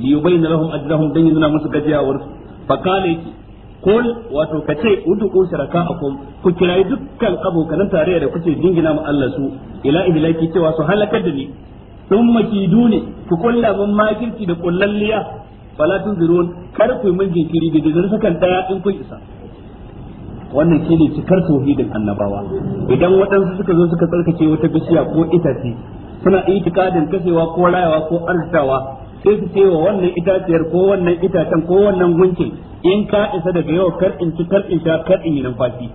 li lahum ajrahum dan yana musu gajiyawar su fa kale ki kul wato kace udku sharakakum ku kirayi dukkan abokan tarayya da kuke dingina mu Allah su ila ilahi cewa su halakar da ni thumma duni ku kulla mun makirci da kullalliya fala tunzirun kar ku mun jinkiri da dukkan daya in kun isa wannan ne cikar tauhidin annabawa idan waɗansu suka zo suka tsarkake wata bishiya ko itace suna itikadin kasewa ko rayawa ko arzawa. sai su ce wa wannan itaciyar ko wannan itacen ko wannan gunkin in ka isa daga yau kar in ci kar in sha kar in yi numfashi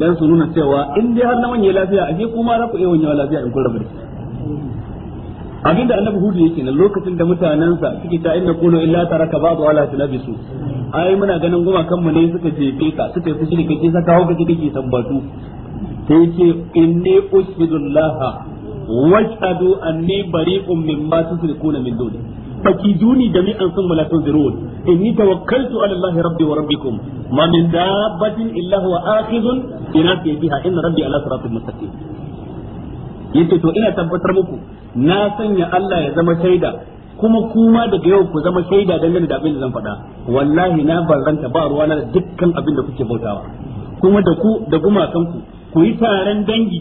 dan su nuna cewa in dai har na ya lafiya ke kuma za ku iya wanyewa lafiya in kun rabu da abinda annabi hudu yake nan lokacin da mutanansa suke ta inna qulu illa taraka ba'd wala tunabisu ai muna ganin kan mu ne suka jefe ka suka yi fushi da kake saka hauka kake kake sambatu sai yace inni usbidullah washhadu anni bari'un mimma tusrikuna min duni فكيدوني جميعا ثم لا تنذرون إني توكلت على الله ربي وربكم ما من دابة إلا هو آخذ بناصيتها إن ربي على صراط مستقيم yace to ina tabbatar muku na sanya Allah ya zama shaida kuma kuma daga yau ku zama shaida dangane da abin da zan faɗa wallahi na barranta ba ruwana da dukkan abin da kuke bautawa kuma da ku da gumakanku ku yi taron dangi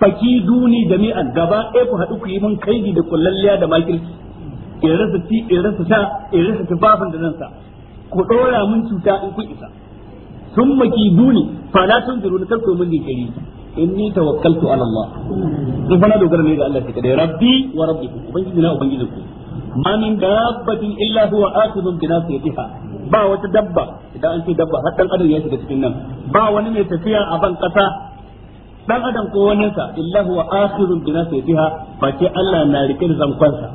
faki duni jami'an gaba ɗaya ku haɗu ku yi mun kaidi da kullalliya da makirci in rasa ci in rasa sha in rasa tufafin da zan sa ku dora mun cuta in ku isa sun maki duni fa la zuru na tarko mun in inni tawakkaltu ala Allah duk bana dogara ne ga Allah take da rabbi wa rabbikum ubangiji na ubangiji ku ma min dabbatin illa huwa akhidun bi nasiyatiha ba wata dabba idan an ce dabba har dan adam ya shiga cikin nan ba wani mai tafiya a ban kasa dan adam ko wani sa illa huwa akhirun bi nasbiha fa ce Allah na rike da zankonsa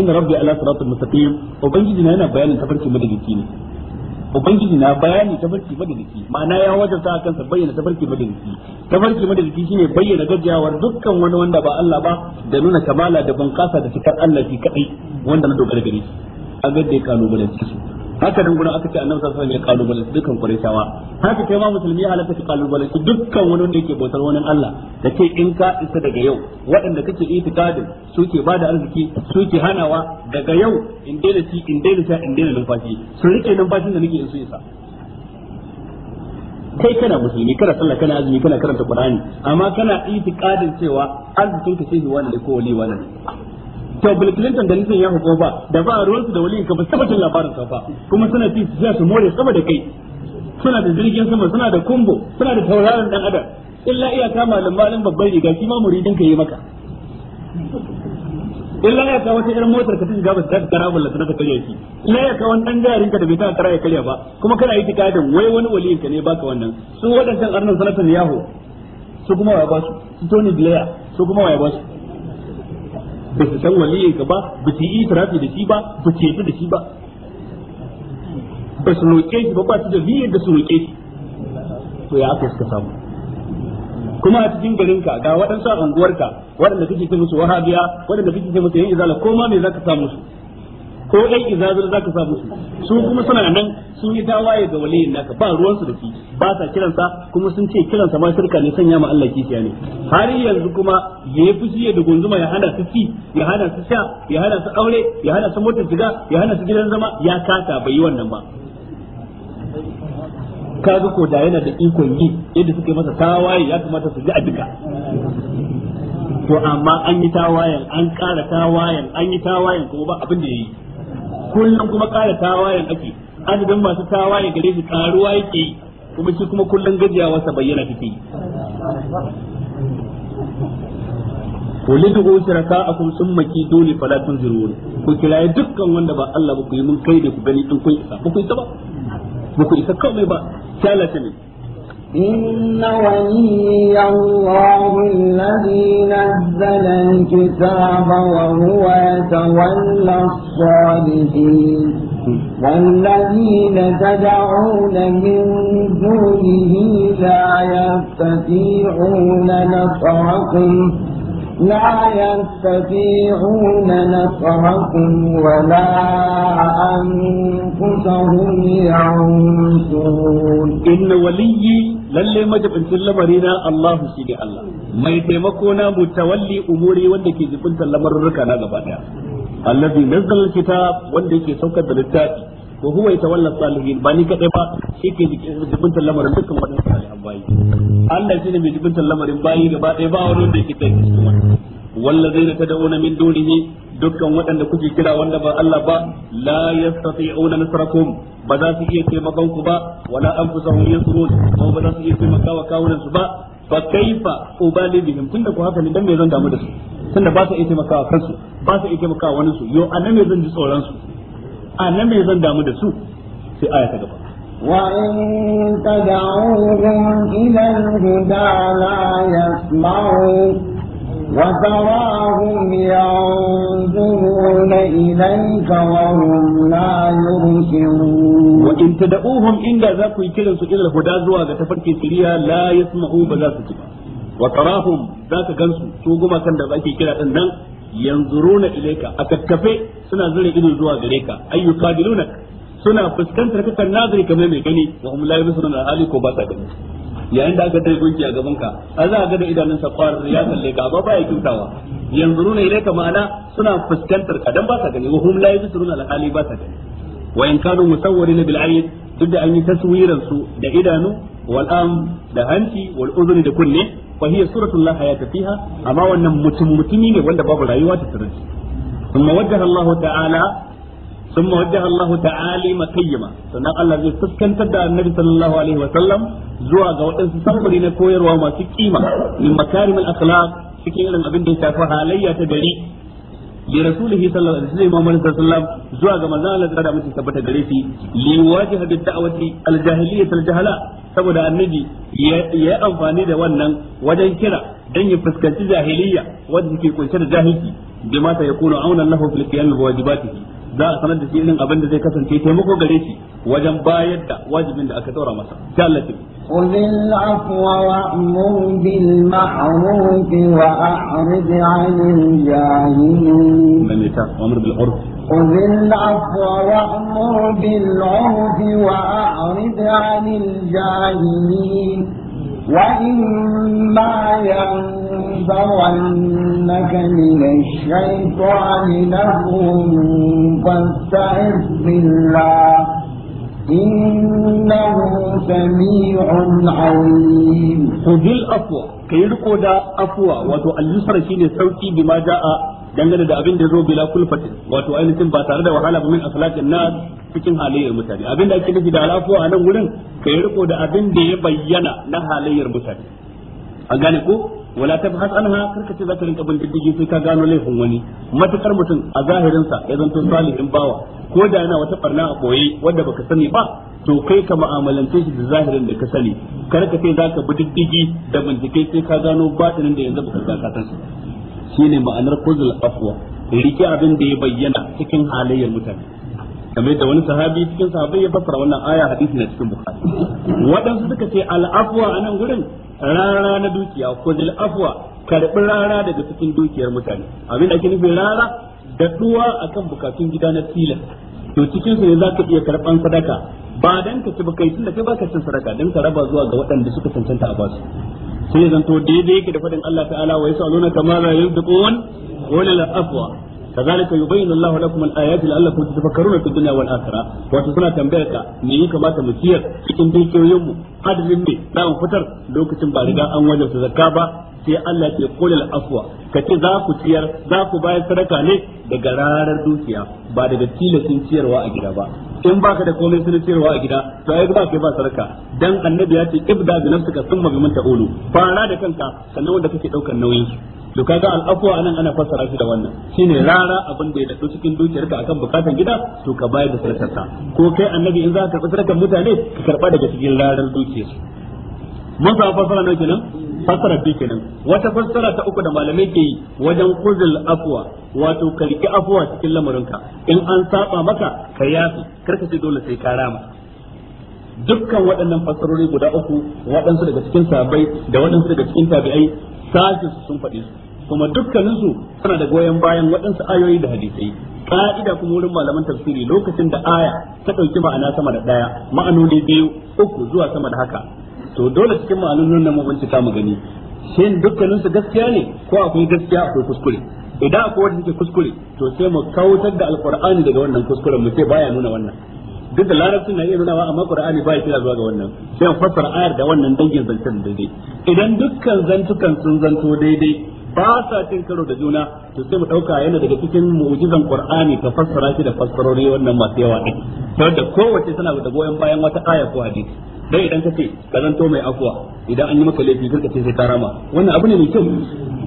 inna rabbi ala siratul mustaqim ubangiji na yana bayanin tafarki madadiki ne ubangiji na bayani tafarki madadiki ma'ana ya wajabta akan sa bayyana tafarki madadiki tafarki madadiki shine bayyana gajiyawar dukkan wani wanda ba Allah ba da nuna kamala da bunƙasa da cikar Allah shi kadai wanda na dogara gare shi a ga dai kalubalen cikin haka nan gurin aka ce annabi sallallahu alaihi wasallam ya kalu su dukkan quraishawa haka kai ma musulmi ya halatta shi kalubale su dukkan wani wanda yake bautar wani Allah da ke in ka isa daga yau waɗanda kake itikadin su ke bada arziki su ke hanawa daga yau in daina shi in daina sha in daina numfashi su rike numfashin da nake in su isa kai kana musulmi kana sallah kana azumi kana karanta qur'ani amma kana itikadin cewa arzikin ka shi wani ne ko wani wani to Bill Clinton da Nixon ya hukuma ba da ba ruwan su da waliyin ka ba sabatin labarin ka ba kuma suna fi su su more sama da kai suna da jirgin sama suna da kumbo suna da tauraron dan adam illa ta malam malam babban riga shi ma muridin ka yi maka illa ya ka wata irin motar ka ta shiga ba ta kara ba latana ta karya illa ya ka wani dan jarin ka da bai ta kara ya karya ba kuma kana yi da wai wani waliyin ka ne baka wannan su wadannan arnan sanatan yaho su kuma waya ba su su tony blair su kuma waya ba su ba su san waliyin ka ba ba su yi itirafi da shi ba ba su yi da shi ba ba su roƙe shi ba ba su da niyyar da su roƙe shi to ya aka suka samu kuma a cikin garin ka ga waɗansu a unguwarka waɗanda kake ce musu wahabiya waɗanda kake ce musu yin izala ko ma me zaka samu su ko ɗan izazir za ka sa musu su kuma suna nan sun yi tawaye ga waliyin naka ba ruwansu da shi ba sa kiransa kuma sun ce kiransa ma shirka ne sanya ma Allah kishiya ne har yanzu kuma ya yi fushi da dugunzuma ya hana su ci ya hana su sha ya hana su aure ya hana su motar shiga ya hana su gidan zama ya kata bai yi wannan ba kaga ko da yana da ikon yi yadda suke masa tawaye ya kamata su ji a duka to amma an yi tawayen an ƙara tawayen an yi tawayen kuma ba abin da ya yi kullum kuma kara tawayen ake adadin masu tawaye gare shi karuwa yake kuma shi kuma kullum gajiyawa sa bayyana take kulidhu shiraka'akum summa kiduni fala tunzirun ku kiraye dukkan wanda ba Allah ba ku yi mun kai da ku gani in kun isa ba ku isa ba ku isa kawai ba shalata ne إن ولي الله الذي نزل الكتاب وهو يتولى الصالحين والذين تدعون من دونه لا يستطيعون نصركم لا يستطيعون نصركم ولا أنفسهم ينصرون إن وليي lalle majibincin lamari na Allahu shi ne Allah mai taimako na mutawalli umuri wanda ke jibintar lamarurruka na gaba daya allazi nazzal kitab wanda yake saukar da littafi wa huwa yatawalla salihin ba ni kadai ba shi ke jibintar lamarin dukkan wadannan salihan bayi Allah shi ne mai jibintar lamarin bayi gaba daya ba wani wanda yake kai cikin wannan wallazina tad'una min dunihi dukkan waɗanda kuke kira wanda ba Allah ba la yastati'una nasrakum ba za su iya taimakon ku ba wala anfusahum yansurun ko ba za su iya wa kawunan su ba fa kaifa ubali bihim tunda ku haka ne dan me zan damu da su tunda ba su iya wa kansu ba su iya wa wani su yo anan me zan ji tsoron su anan me zan damu da su sai aya ta gaba وإن تدعوهم إلى الهدى لا يسمعون وتراهم ينظرون إليك وهم لا يبصرون وإن تدعوهم إن ذاك يكلم سجل الهدى زوا تفرك سريا لا يسمعوا بلا سجل وتراهم ذاك جنس سوغما كان ذاك كلا أن ينظرون إليك أتكفي سنة زري إلو زوا غريك أي يقابلونك سنة فسكنت kakan nazari kamar mai وهم لا hum la yusuna al yayin da aka tare gunki a gaban ka a za a ga da idanunsa kwarar ya kalle ka ba baya kyautawa yanzuruna ilayka ma'ana suna fuskantar ka dan ba sa gani wa hum la yabsiruna alhali ba sa gani wa in kanu musawwirin bil ayn duk da an yi taswiran su da idanu wal am da hanci wal da kunne fa hiya suratul la hayata fiha amma wannan mutum mutumi ne wanda babu rayuwa ta sirri ثم وجه الله Sun ثم وجه الله تعالى مقيما sannan Allah zai fuskantar da Annabi sallallahu alaihi wa sallam zuwa ga waɗansu samfuri na koyarwa masu kima min makarimul akhlaq cikin irin abin da ya shafi halayya ta gari li rasulihi sallallahu alaihi wa sallam zuwa da mutum tabbata gare shi li wajiha bid da'wati al jahiliyyah al jahala saboda annabi ya amfani da wannan wajen kira dan ya fuskanci jahiliyya wanda take kunshe da jahilci bima ta kuna auna lahu fil qiyam bi wajibatihi za a sanar da shi irin abin da zai kasance taimako gare shi wajen bayar da wajibin da aka daura masa sai Allah ta وإما ينزغنك من الشيطان له فاستعذ بالله إنه سميع عليم خذ الأفوى كيركو دا أفوى وتؤلف رشيد الصوت بما جاء dangane da abin da zo bila kulfatin wato ainihin ba tare da wahala ba min akhlaqin na cikin halayyar mutane abin da ake nufi da alafuwa a nan kai riko da abin da ya bayyana na halayyar mutane A gane ko wala tabhas anha karka ce zaka rinka bin diddigi sai ka gano laifin wani matukar mutum a zahirinsa sa ya zanto salihin bawa ko da yana wata barna a boye wanda baka sani ba to kai ka mu'amalance shi da zahirin da ka sani karka ce zaka bi diddigi da bincike sai ka gano batinin da yanzu baka san san shine ma'anar kuzul afwa rike abin da ya bayyana cikin halayyar mutane kamar da wani sahabi cikin sahabi ya fassara wannan aya hadisi na cikin bukhari waɗansu suka ce al'afwa a nan gurin rara na dukiya kuzul afwa karbi rara daga cikin dukiyar mutane abin da ake nufi rara da duwa akan bukatun gida na tilas to cikin su ne za ka iya karɓan sadaka ba dan ka ci ba kai tunda kai baka cin sadaka dan ka raba zuwa ga waɗanda suka cancanta a basu sai zanto daidai yake da fadin Allah ta'ala wa yasaluna kama la yunfiqun wa la afwa كذلك يبين الله لكم الايات لعلكم تتفكرون في الدنيا والاخره wato suna tambayar ka me ya kamata mu ciyar cikin dukiyoyin mu adadin me za mu fitar lokacin ba riga an wajabta zakka ba sai Allah ke kulil afwa ka ce za ku ciyar za ku bayar sadaka ne daga rarar dukiya ba daga tilasin ciyarwa a gida ba in baka da komai sun ciyarwa a gida to ai ba kai ba sadaka dan annabi ya ce ibda bi nafsika thumma bi man ta'ulu fara da kanka sannan wanda kake daukar nauyin to kaga afwa anan ana fassara shi da wannan shine rara abin da ya dadu cikin dukiyarka akan bukatan gida to ka bayar da sadakarka ko kai annabi in za ka karba sadakar mutane ka karɓa daga cikin rarar dukiyar mun samu fassara ne kenan fassara ce kenan wata fassara ta uku da malamai ke yi wajen kuzul afuwa wato ka afuwa afwa cikin lamarinka in an saba maka ka yafi karka ce dole sai ka rama dukkan waɗannan fassarori guda uku waɗansu daga cikin sabai da waɗansu daga cikin tabi'ai sashi sun faɗi su kuma dukkaninsu suna da goyon bayan waɗansu ayoyi da hadisai ka'ida kuma wurin malaman tafsiri lokacin da aya ta ɗauki ma'ana sama da ɗaya ma'anoni biyu uku zuwa sama da haka to dole cikin ma'anonin nan mu bincika mu gani shin dukkanin su gaskiya ne ko akwai gaskiya akwai kuskure idan akwai wanda yake kuskure to sai mu kautar da alqur'ani daga wannan kuskuren mu sai baya nuna wannan duk da larabcin na iya wa amma qur'ani baya kira zuwa ga wannan sai mu fassara ayar da wannan dangin zancen daidai idan dukkan zantukan sun zanto daidai ba sa cin karo da juna to sai mu dauka yana daga cikin mu'jizan qur'ani ka fassara shi da fassarori wannan masu yawa din da kowace tana da goyon bayan wata aya ko hadisi dai idan ka ce ka mai afwa idan an yi maka laifi kar ka ce sai ka rama wannan abu ne mai kyau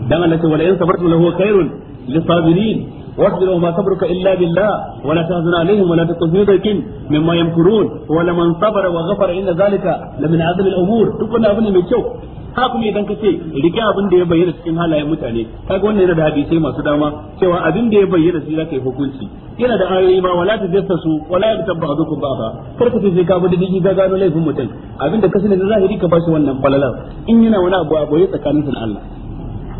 dan Allah ce wala in sabartu lahu khairun lisabirin واصبر وما صبرك الا بالله ولا تحزن عليهم ولا تكن في ضيق مما يمكرون wa صبر وغفر zalika ذلك لمن عزم الامور duk wani abu ne mai kyau haka kuma idan ka ce rike abin da ya bayyana cikin halayen mutane kaga wannan yana da hadisi masu dama cewa abin da ya bayyana shi zaka yi hukunci yana da ayoyi ma wala su wala ya yatabba azukum baba kar ka ce sai ka bude digi ga gano laifin mutum abin da ka sani na zahiri ka bashi wannan falala in yana wani abu a boye tsakanin sa Allah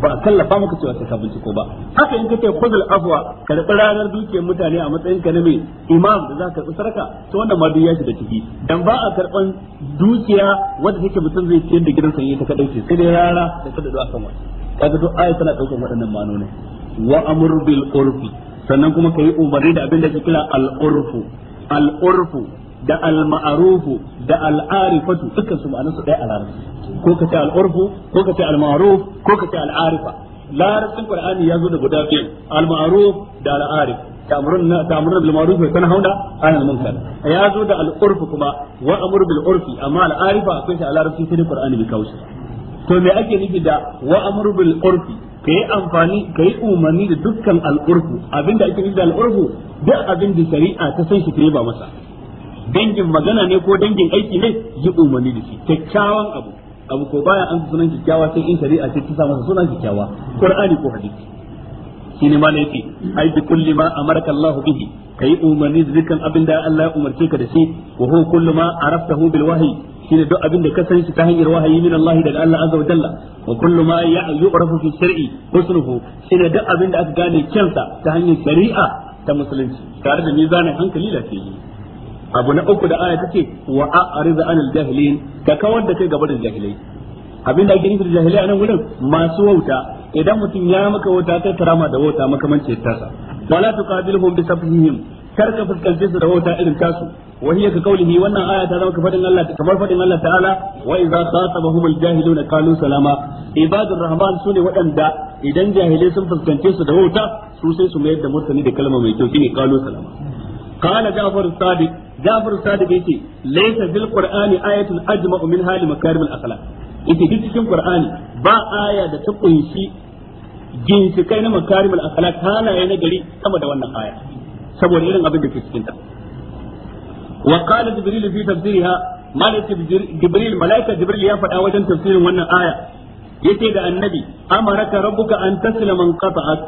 ba a kallafa maka cewa sai ka binciko ba haka in ce kuzul afwa karɓi ranar dukiyar mutane a matsayin ka na mai imam da za ka karbi sarka to wannan ma duk ya shiga ciki dan ba a karban dukiya wanda take mutum zai ciyar da gidansa yayin ka kadai sai da rara da kada da kan wani kaga duk ayat tana daukar waɗannan manoni wa amru bil urfi sannan kuma kai umarni da abin da ke kira al urfu al urfu da al-ma'rufu da al-arifatu dukkan su ma'anar su ɗaya a larabci ko ka ce al-urfu ko ka ce al-ma'ruf ko ka ce al-arifa larabcin qur'ani ya zo da guda biyu al-ma'ruf da al-arif ta'muruna ta'muruna bil ma'ruf wa tanhauna 'anil munkar ya zo da al-urf kuma wa amru bil urfi amma al-arifa akwai shi a larabci sai qur'ani bi kausa to me ake nufi da wa amru bil urfi yi amfani ka yi umarni da dukkan al-urfu abinda ake nufi da al-urfu duk abin da shari'a ta san shi ba masa dangin magana ne ko dangin aiki ne yi umarni da shi kyakkyawan abu abu ko baya an sunan kyakkyawa sai in shari'a ce ta sa sunan kyakkyawa qur'ani ko hadisi shine ma ne ai bi kulli ma amarka Allah bihi kai umarni da dukkan abin da Allah ya umarce ka da shi wa huwa kullu ma araftahu bil wahyi shine duk abin da ka san shi ta hanyar wahayi min Allah daga Allah azza wa jalla wa kullu ma yu'rafu fi shar'i husnuhu shine duk abin da aka gane kyansa ta hanyar shari'a ta musulunci tare da mizanin hankali lafiya abu na uku da aya take wa a'rid anil jahilin ka kawar da kai gaba da jahilai abin da ake nufi da jahilai a nan wurin masu wauta idan mutum ya maka wauta kai karama da wauta makamancin tasa wala tuqabilhum bi sabhihim kar ka fuskanci su da wauta irin tasu وهي كقوله وانا آية هذا كفدن الله كما فدن الله تعالى وإذا خاطبهم الجاهلون idan سلاما sun الرحمن su da wauta su sai su mayar da سوسي da kalma mai kyau كلمة ميتو salama. سلاما قال جعفر الصادق Ja'far Sadiq yace laysa bil Qur'ani ayatun ajma'u min hali makarimil akhlaq ita duk cikin Qur'ani ba aya da ta kunshi ginshikai na makarimil akhlaq halaye na gari sama da wannan aya saboda irin abin da ke cikin ta wa qala jibril fi tafsiriha malaka jibril malaika jibril ya faɗa wajen tafsirin wannan aya yace da annabi amaraka rabbuka an taslima man qata'at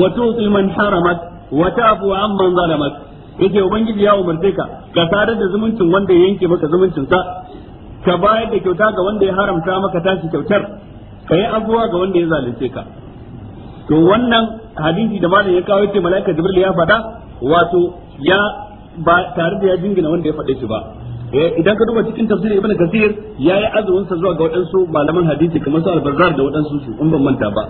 wa tu'ti man haramat wa ta'fu amman zalamat yake ubangiji ya umarce ka ka sadar da zumuncin wanda ya yanke maka zumuncin sa ka bayar da kyauta ga wanda ya haramta maka tashi kyautar ka yi abuwa ga wanda ya zalunce ka to wannan hadisi da malam ya kawo yace malaika jibril ya fada wato ya ba tare da ya jingina wanda ya fade shi ba eh, idan ka duba cikin tafsir ibnu kasir yayi azumin sa zuwa ga waɗansu malaman hadisi kamar su al-bazzar da waɗansu su in ban manta ba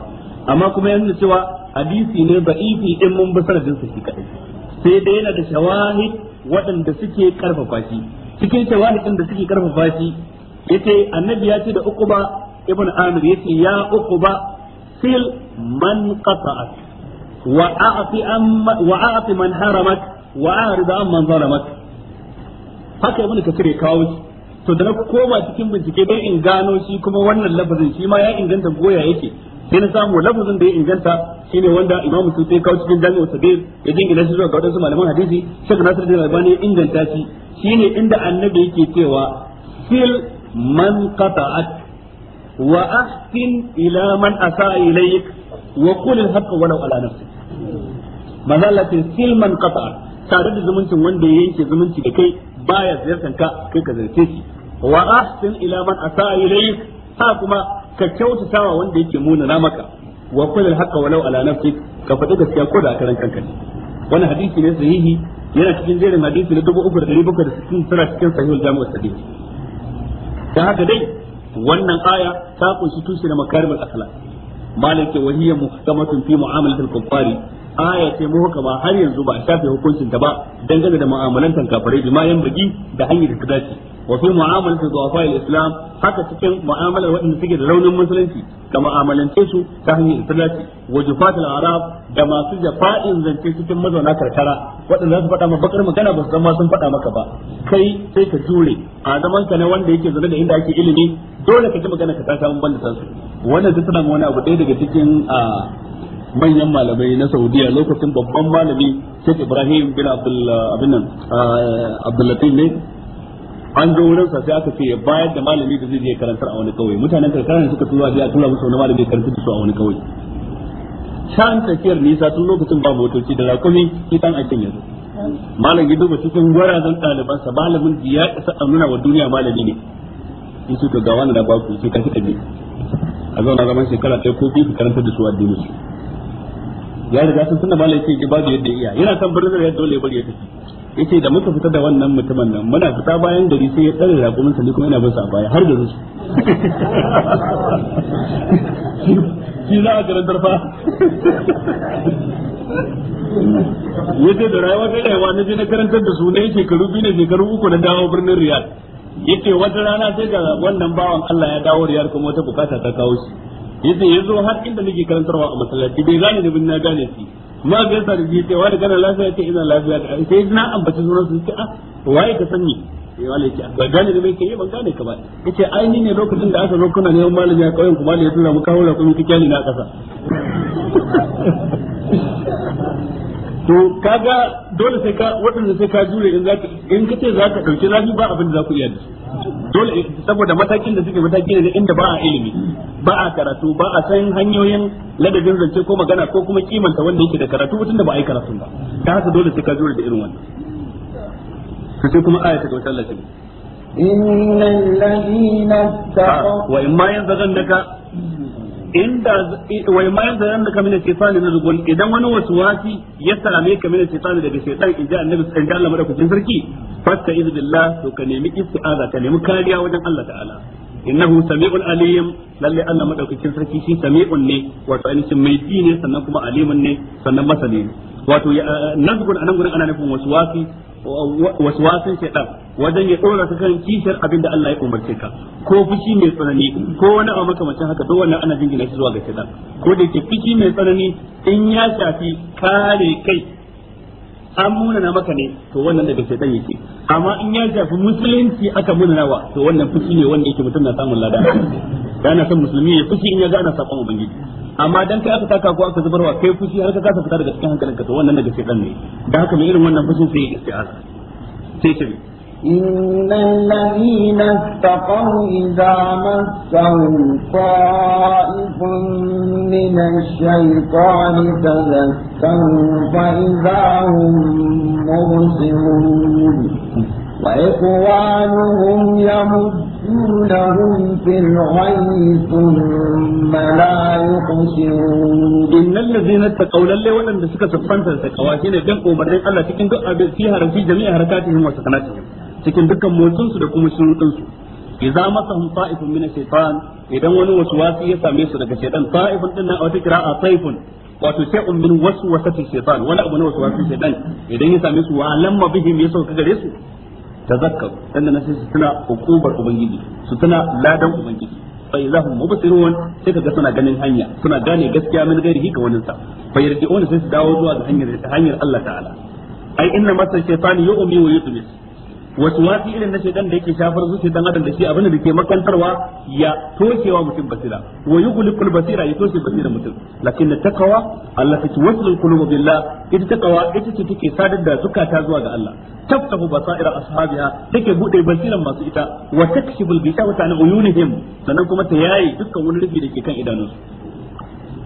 amma kuma yanzu cewa hadisi ne baifi in mun bi sanadin sa shi kadai sai dai yana da shawahid waɗanda suke karfafa shi cikin shawahidin da suke karfafa shi yace annabi ya ce da uquba ibn amir yace ya uquba sil man qata'at wa a'ti amma wa a'ti man haramat wa a'rid man zalamat haka ibn kasir ya kawo shi to da na koma cikin bincike don in gano shi kuma wannan lafazin shi ma ya inganta goya yake sai na samu lafazin da ya inganta shine wanda imamu su sai kawo cikin jami'u sabir ya jingina shi zuwa ga wadansu malaman hadisi shek nasir bin albani ya inganta shi shine inda annabi yake cewa sil man qata'at wa ahsin ila man asaa ilayk wa qul al-haqq walau ala nafsik manzo Allah ce sil man qata'at tare da zumuncin wanda ya yanke zumunci da kai baya ziyartar ka kai ka zarce shi wa ahsin ila man asaa ilayk ha kuma ka wa wanda yake munana maka wa kullu walau ala nafsi ka faɗi gaskiya ko da karan kanka ne wannan hadisi ne sahihi yana cikin jerin hadisi na 3760 sana cikin sahihul jami'u sahih da haka dai wannan aya ta kunshi tushe na makarimul akhlaq malike wahiya muhkamatun fi mu'amalatil kuffari aya ce mu hukama har yanzu ba a shafe hukuncin ta ba dangane da mu'amalantan kafirai bi ma yan bugi da hanyar da ta dace wa fi mu'amalati du'afa islam haka cikin mu'amalar waɗanda suke da raunin musulunci da mu'amalance su ta hanyar islati wa jufat arab da masu jafa'in zance cikin mazauna karkara waɗanda za su faɗa ma bakar magana ba su san ma sun faɗa maka ba kai sai ka jure a zaman ka wanda yake zaune da inda ake ilimi dole ka ji magana ka ta samu banda sansu wannan duk suna wani abu ɗaya daga cikin manyan malamai na Saudiyya lokacin babban malami sheikh ibrahim bin abdul abin nan ne an zo wurin sa sai aka ce ya bayar da malami da zai je karantar a wani kauye mutanen karkara ne suka tura je a tura musu wani malami karantar da su a wani kauye shan tafiyar nisa tun lokacin ba motoci da rakumi kitan akin yanzu malam ya duba cikin gwarazan ɗaliban sa malamin da ya isa a nuna wa duniya malami ne in suka ga wani da ba ku sai karfi ɗabi a zauna zaman shekara ɗaya ko biyu karantar da su addini ya riga sun tunda malam ya ce ba da yadda iya yana kan birnin da ya dole ya bari ya tafi yace da muka fita da wannan mutumin nan muna fita bayan gari sai ya tsare raƙumin sa kuma ina bisa a baya har da su shi za a karantar fa yace da rayuwa ta rayuwa na je na karantar da su ne yake shekaru biyu ne shekaru uku na dawo birnin riyad yace wata rana sai ga wannan bawan Allah ya dawo riyad kuma wata bukata ta kawo shi yace yazo har inda nake karantarwa a masallaci bai gane ne bin na gane shi ma ga yasa da ji ce wani gana lafiya ce ina lafiya da sai na ambaci sunan su ce ah waye ka sani sai wani ce ah, ba gane da mai kai ban gane ka ba kace ai ni ne lokacin da aka zo kuna neman malami a kauyen kuma ne ya tura mu kawo kuma kike ni na kasa to kaga dole sai ka wadanda sai ka jure in zaka in kace zaka dauki zafi ba abin da za ku iya da dole saboda matakin da suke mataki ne inda ba a ilimi ba a karatu ba a san hanyoyin ladabin zance ko magana ko kuma kimanta wanda yake da karatu mutum da ba a yi karatu ba ta haka dole sai ka jure da irin wannan to sai kuma aya ta gaba Allah ta إن الذين اتقوا وإما ينزغنك inda wai ma yanzu da ka mina na zugun idan wani wasu wasi ya same ka mina shaytani daga shaytan in ji annabi in ji Allah madaukakin sarki fasta iz billah to ka nemi isti'aza ka nemi kariya wajen Allah ta'ala innahu sami'un alim lalle Allah madaukakin sarki shi sami'un ne wato ainihin mai ji ne sannan kuma alimin ne sannan masani ne wato eh, nazgun anan gurin ana nufin waswasi waswasin shaitan wajen ya dora ka kan kishar abin da Allah ya umarce ka ko fushi mai tsanani ko wani abu makamancin haka duk wannan ana jingina shi zuwa ga shaitan ko da ke fushi mai tsanani in ya shafi kare kai an munana maka ne to wannan daga shaitan yake amma in ya shafi musulunci aka munanawa to wannan fushi ne wanda yake mutum na samun lada yana son musulmi ya fushi in ya ga ana sakon ubangiji amma dan kai aka taka ko aka zubarwa kai fushi har ka kasa fita daga cikin hankalinka to wannan daga shedan ne da haka mai irin wannan fushin sai ya isti'aza sai ce إن الذين اتقوا إذا مسهم طائف من الشيطان تذكروا فإذا هم مرسلون وإخوانهم يمد يأتونهم في الغي ثم لا يقسمون إن الذين اتقوا لله ولن تسكى سبحانه التقوى هنا جمع مرين الله تكن دعا فيها في جميع حركاتهم وسكناتهم تكن دكا موتنس دكم شروطنس إذا مسهم طائف من الشيطان إذا wani wasuwasi ya same su daga shaitan ta'ifun din a wata kira'a taifun wato abu na wasuwasin idan ya same su wa lamma bihim ya sauka gare su tazakkar da na sai su suna hukumar ubangiji su tuna ladan ubangiji fa idahum mubsirun sai kaga suna ganin hanya suna gane gaskiya min gairihi ga wani sa fa yarji'un sai su dawo zuwa ga hanyar Allah ta'ala ai inna masal shaytan yu'mi wa yutmis wasu watsi irin na shaidan da yake shafar zuciya, dan adam da shi abin da ke makantarwa ya toshewa mutum basira wa kul basira ya toshe basira mutum lakin ta ci wasu qulub billah ita takawa ita ce take sadar da zukata zuwa ga Allah taftahu basaira ashabiha take bude basiran masu ita wa takshibul ghishawata an uyunihim sannan kuma ta yayi dukkan wani rufi da ke kan idanunsu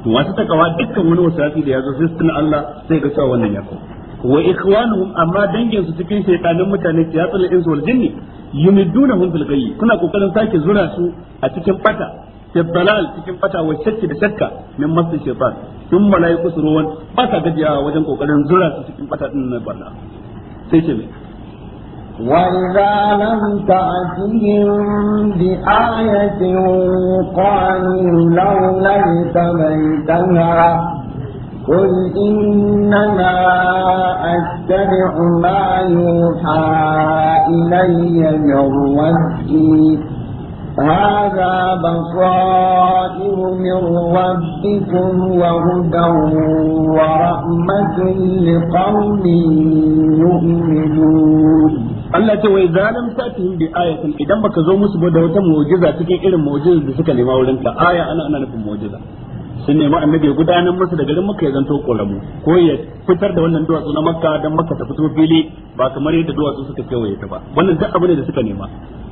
to wasu takawa dukkan wani wasati da ya zo sai Allah sai ga cewa wannan ya kawo wa ikhwanuhum amma dangin su cikin shaytanin mutane siyatul ins wal jinni yumidunahum fil ghayy kuna kokarin sake zura su a cikin bata fi dalal cikin bata wa shakki da shakka min masu shaytan sun malaiku su ruwan ba sa gajiya wajen kokarin zura su cikin bata din na barna sai ce وإذا لم تأتهم بآية قالوا لولا اجتمعتها قل إنما أتبع ما يوحى إلي من ربي هذا بصائر من ربكم وهدى ورحمة لقوم يؤمنون Allah ce wai zalim satihim bi ayatin idan baka zo musu da wata mu'jiza cikin irin mu'jizar da suka nema wurin ta? aya ana ana nufin mu'jiza sun nemi annabi ya gudanar musu da garin makka ya zanto ƙoramu ko ya fitar da wannan duwatsu na makka don makka ta fito fili ba kamar yadda duwatsu suka kewaye ta ba wannan duk abu ne da suka nema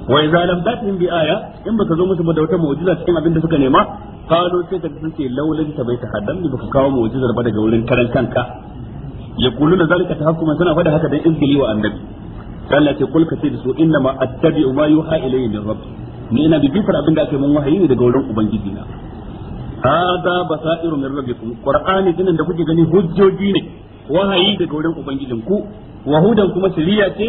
Wai za lam ta'tim bi aya in baka zo musu da wata mu'jiza cikin abin da suka nema qalu sai ka sun ce laulin ta bai ta hadan baka kawo mu'jizar ba daga wurin karan kanka da zalika tahakkuman suna fada haka dan izgili wa annabi Allah ce kulka ce da su inna ma attabi'u ma yuha ilayya min rabbi ni ina fara abin da ake mun wahayi ne daga wurin ubangiji na hada basairu min rabbikum qur'ani dinan da kuke gani hujjoji ne wahayi daga wurin ubangijin ku wa hudan kuma shari'a ce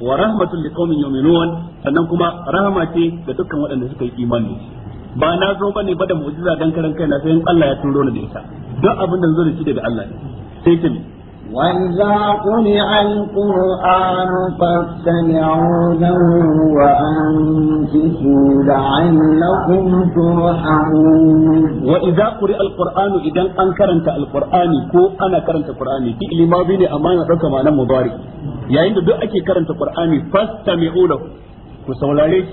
wa rahmatul liqaumin yu'minun sannan kuma rahama ce ga dukkan waɗanda suka yi imani ba na zo bane ba da mu'jiza dan karan kaina sai in Allah ya turo ni da ita duk abin da zo da shi daga Allah ne sai kin وإذا قرئ القرآن فاستمعوا له وأنفسوا لعلكم ترحمون وإذا قرئ القرآن إذا أن كرنت القرآن كو أنا كرنت القرآن في الماضي أمانة ركم أنا مضاري يعني دو أكي كرنت القرآن فاستمعوا له كسولاريش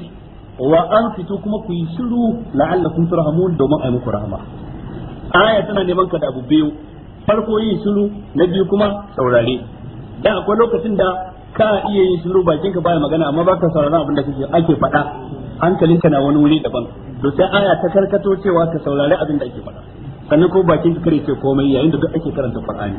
وأنفسوا كما كيسلوا لعلكم ترحمون دوما أمكم رحمة آية تنا نمان كده أبو بيو farko yin shiru na biyu kuma saurare dan akwai lokacin da ka iya yin shiru bakin ka baya magana amma baka sauraron abin da kake ake faɗa hankalinka na wani wuri daban to sai aya ta karkato cewa ka saurari abin da ake faɗa sannan ko bakin ka kare ce komai yayin da duk ake karanta Qur'ani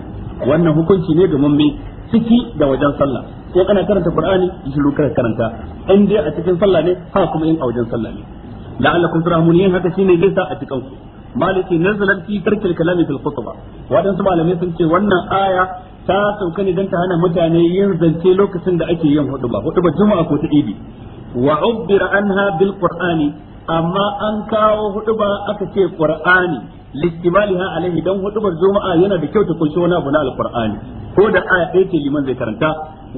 wannan hukunci ne ga mummi ciki da wajen sallah sai kana karanta Qur'ani shiru kana karanta in dai a cikin sallah ne ha kuma yin a wajen sallah ne la'allakum turhamun yin haka shine zai sa a cikin ku maliki nazalat fi tarkil kalami fil khutba wadansu malamai sun ce wannan aya ta sauka ne dan ta hana mutane yin zance lokacin da ake yin hutuba hutuba juma'a ko ta idi wa ubbira anha bil amma an kawo hutuba aka ce qur'ani listimaliha alaihi dan hutubar juma'a yana da kyau ta kunshi wani abu na alqur'ani ko da aya ɗaya ce liman zai karanta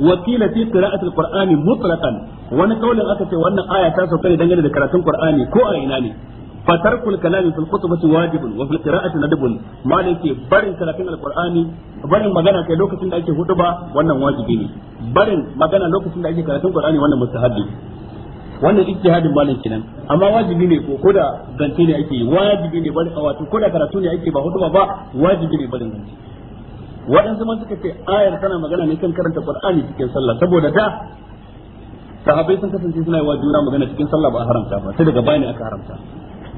وقيل في قراءة القرآن مطلقا وانا قولا أكثر وانا آية تاسو كان دنجل ذكرات القرآن كو آيناني فترك الكلام في الخطبة واجب وفي القراءة ندب ما لك برن كلام القرآن برن مغانا كي لوكة عند أيك خطبة وانا واجبيني برن مغانا لوكة عند أيك كلام القرآن وانا مستحبي wannan ijtihadin malam kenan amma wajibi ne ko koda zance ne ake wajibi ne bari wato koda karatu ne ake ba hutuba ba wajibi ne barin zance waɗansu man suka ce ayar tana magana ne kan karanta qur'ani cikin sallah saboda da sahabbai sun kasance suna yi wa juna magana cikin sallah ba a haramta ba sai daga bayani aka haramta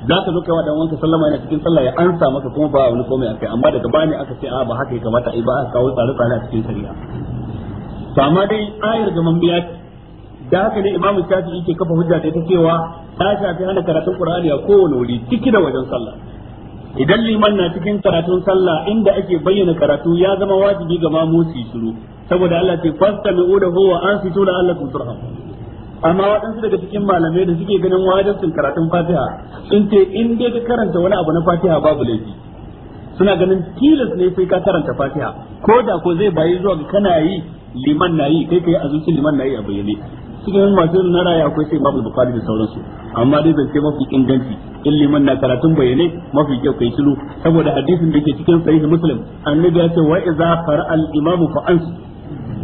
za ka zo kawa dan wanka sallama yana cikin sallah ya ansa maka kuma ba wani komai akai amma daga bani aka ce a ah, ba haka ya kamata ai ba a kawo tsare tsare a cikin shari'a to dai ayar gaman biya da haka ne imamu shafi yake kafa hujja ta ta cewa ta shafi hana karatun qur'ani a kowane wuri ciki da wajen sallah idan liman na cikin karatun sallah inda ake bayyana karatu ya zama wajibi ga mamusi shiru saboda Allah ce fasta da huwa ansitu la'allakum turhamun amma waɗansu daga cikin malamai da suke ganin wajen wajibcin karatun fatiha sun ce in dai ka karanta wani abu na fatiha babu laifi suna ganin tilas ne sai ka karanta fatiha ko da ko zai bayi zuwa ga kana yi liman na yi kai kai a liman na yi a bayyane cikin masu na raya akwai sai babu bukari da sauransu amma dai zance mafi inganci in liman na karatun bayyane mafi kyau kai shiru saboda hadisin da ke cikin sahih muslim annabi ya ce wa iza qara al imamu fa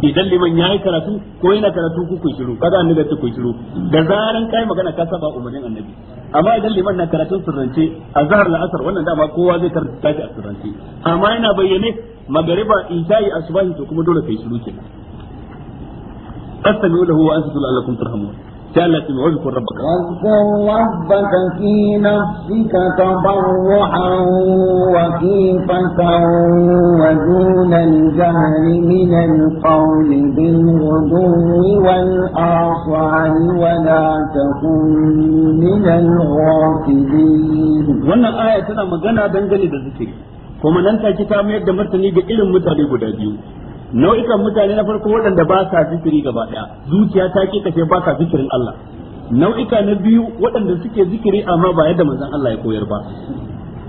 idan liman ya yi karatu ko yana karatu ku ku shiru kaga annabi ta ku shiru da zaran kai magana ka saba umarnin annabi amma idan liman na karatun sirrance a zahar la'asar wannan dama kowa zai karanta shi a sirrance amma yana bayyane magariba isha'i asubahi to kuma dole kai shiru kenan astami'u lahu wa ansitu la'allakum turhamun ثلاث واذكر ربك واذكر ربك في نفسك تضرعا wannan aya tana magana dangane da zikiri kuma nan take ta mayar da martani ga irin mutane guda biyu nau'ikan mutane na farko waɗanda ba sa zikiri gaba ɗaya zuciya ta ke kashe ba sa zikirin Allah nau'ika na biyu waɗanda suke zikiri amma ba yadda manzon Allah ya koyar ba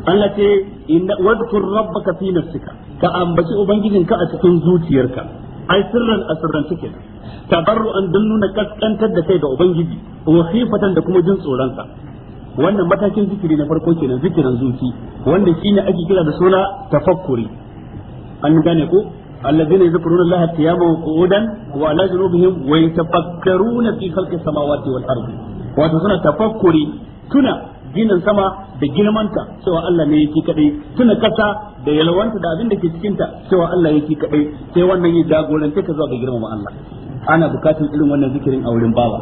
Allah ce inna wadkur rabbaka fi nafsika ka ambaci ubangijinka a cikin zuciyarka ai sirran asirran take an dan nuna kaskantar da kai ga ubangiji wa khifatan da kuma jin tsoronsa wannan matakin zikiri na farko kenan zikirin zuci wanda shine ake kira da suna tafakkuri an gane ko الذين يذكرون الله قياما وقعودا وعلى جنوبهم ويتفكرون في خلق السماوات والارض wato suna tafakkuri tuna ginin sama da girmanta cewa Allah ne yake kadai tuna kasa da yalwanta da abin da ke cikinta cewa Allah yake kadai sai wannan ya jagorance ka zuwa da girmama Allah ana bukatar irin wannan zikirin a bawa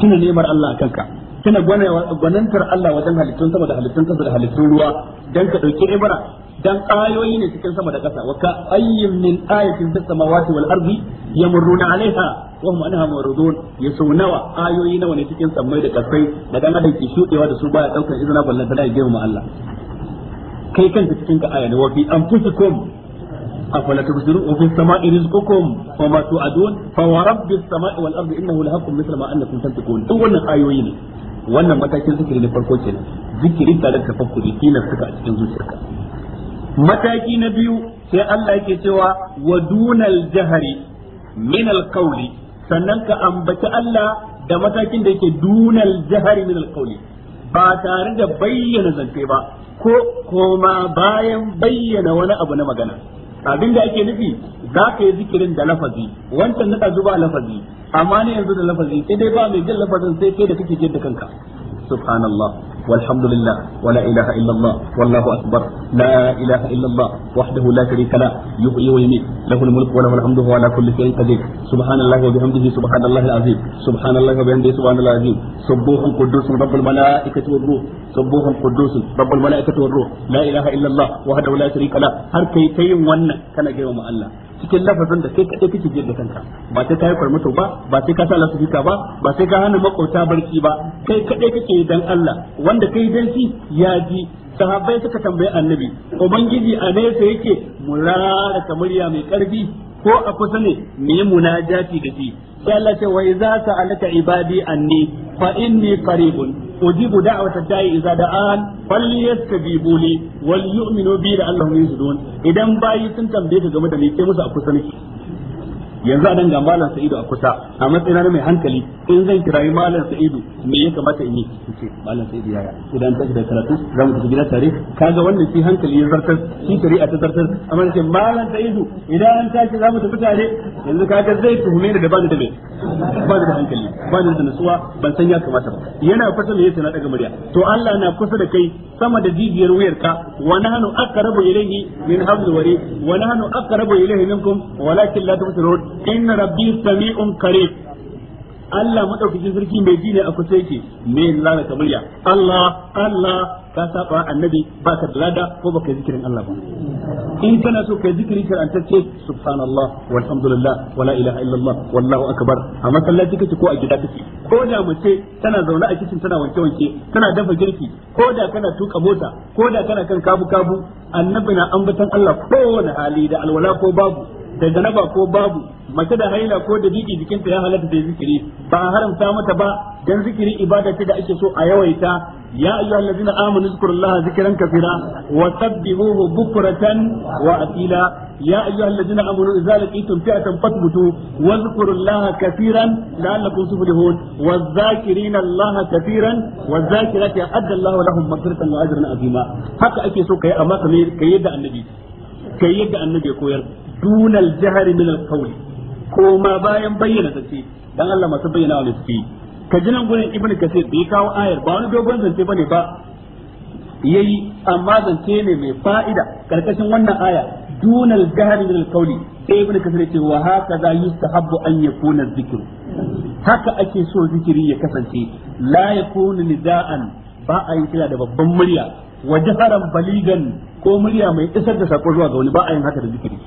tuna nemar Allah kanka kina gwanantar Allah wajen halittun sama da halittun kasa da halittun ruwa dan ka dauki ibra dan ayoyi ne cikin sama da kasa wa ka ayyin min ayatin fis samawati wal ardi yamurruna alaiha wa hum anha muridun yasau nawa ayoyi nawa ne cikin samai da kasai da dan adam ke shudewa da su baya daukar izina ballan tana girma Allah kai kanka cikin ka aya ne wa fi anfusikum أفلا تبصرون وفي السماء رزقكم sama'i توعدون فورب السماء والأرض إنه لحق مثل ما أنكم تنطقون أولا آيوين wannan matakin zikiri na farko kenan zikiri tare da tafakkuri kina suka a cikin zuciyarka mataki na biyu sai Allah yake cewa wa dunal jahari min alqawli sannan ka ambaci Allah da matakin da yake dunal jahari min alqawli ba tare da bayyana zance ba ko koma bayan bayyana wani abu na magana abin da ake nufi za ka yi zikirin da lafazi wancan na zuba lafazi amma ne yanzu da lafazi sai dai ba mai jin lafazin sai kai da kake jin da kanka subhanallah والحمد لله ولا إله إلا الله والله أكبر لا إله إلا الله وحده لا شريك له يحيي ويميت له الملك وله الحمد وهو على كل شيء قدير سبحان الله وبحمده سبحان الله العظيم سبحان الله وبحمده سبحان الله العظيم سبوح قدوس رب الملائكة والروح سبوح قدوس رب الملائكة والروح لا إله إلا الله وحده لا شريك له هر كي كي ون كان جيوم الله cikin lafazin da kai kaɗai kake jiyar da kanka ba sai ka yi kwarmato ba ba sai ka sa lasufika ba ba sai ka hana makota barci ba kai kaɗai kake dan Allah wanda kai dan shi ya ji sahabbai suka tambayi annabi ubangiji a nesa yake murara raraka murya mai karfi ko a kusa ne mu yi munajati da shi sai Allah ce wa idza sa'alaka ibadi anni fa inni qaribun ujibu da'wata da'i idza da'an falyastajibu li wal yu'minu bi la'allahum yuzdun idan bayi sun tambaye ka game da ni, sai musu a kusa ne yanzu a nan ga malam sa'idu a kusa a matsayina na mai hankali in zan yi malam sa'idu me ya kamata in yi ce malam sa'idu yaya idan ta da karatu za mu tafi gida tare kaga wannan shi hankali ya zartar shi shari'a ta zartar amma ce malam sa'idu idan an tashi za mu tafi tare yanzu kaga zai tuhume ni da bani da me bani da hankali bani da nutsuwa ban san ya kamata ba yana kusa ne yace na daga murya to Allah na kusa da kai sama da jijiyar wuyarka wa nahnu aqrabu ilayhi min hablil warid wa nahnu aqrabu ilayhi minkum walakin la tubsirun inna rabbi sami'un qarib Allah madaukakin sarki mai ji ne a kusa yake me lana kamariya Allah Allah ka saba annabi ba ka lada ko baka yi zikirin Allah ba in kana so kai zikiri karantacce subhanallah walhamdulillah wala ilaha illallah wallahu akbar a masallaci kace ko a gida kace ko da mace tana zaune a kicin tana wanke wanke tana dafa girki ko da kana tuka mota ko da kana kan kabu kabu annabi na ambatan Allah kowane hali da alwala ko babu Daga naba ko babu mace da haila ko da didi jikinta ya halatta da zikiri ba haramta mata ba dan zikiri ibada ce da ake so a yawaita ya ayyuhallazina amanu zkurullaha zikran kathira wa sabbihuhu bukratan wa asila ya ayyuhallazina amanu idza laqitum fi'atan fathbutu wa zkurullaha kathiran la'allakum tuflihun wa dhakirina allaha kathiran wa dhakirati adda allahu lahum maghfiratan wa ajran azima haka ake so kai amma kai yadda annabi kai yadda annabi ya koyar dunal jahari min al-qawl bayan bayyana ce dan Allah masu bayyana wa suke ka ji nan gurin ibnu kasir bai kawo ayar ba wani dogon zance bane ba yayi amma zance ne mai fa'ida karkashin wannan aya dunal jahari min al-qawl sai ibnu kasir ce wa haka za yustahabbu an yakuna zikr haka ake so zikiri ya kasance la yakunu nida'an ba a yin kira da babban murya wa jaharan baligan ko murya mai isar da sako zuwa ga wani ba a yin haka da zikiri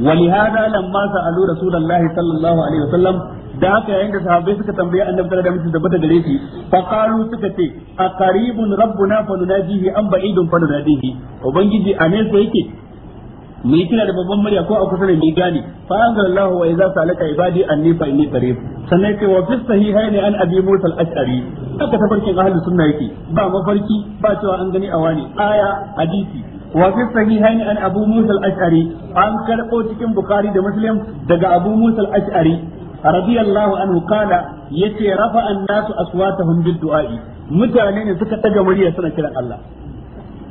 ولهذا لما سألوا رسول الله صلى الله عليه وسلم da haka yayin da sahabbai suka tambaye annabi sallallahu alaihi wasallam tabbata gare shi fa qalu suka ce a qaribun rabbuna fa an am ba'idun fa nunadihi ubangiji a nesa yake mu yi da babban murya ko a kusa da mai gane fa anzalallahu wa idza salaka ibadi anni fa inni qarib sannan ce wa fi sahihaini an abi musa al-ash'ari haka tafarkin ahlus sunna yake ba mafarki ba cewa an gani a wani aya hadisi wa fi sahihaini an abu musa al-ash'ari an karbo cikin bukhari da muslim daga abu musa al-ash'ari radiyallahu anhu kana yace rafa an-nasu aswatahum bid-du'a mutane ne suka ɗaga murya suna kiran Allah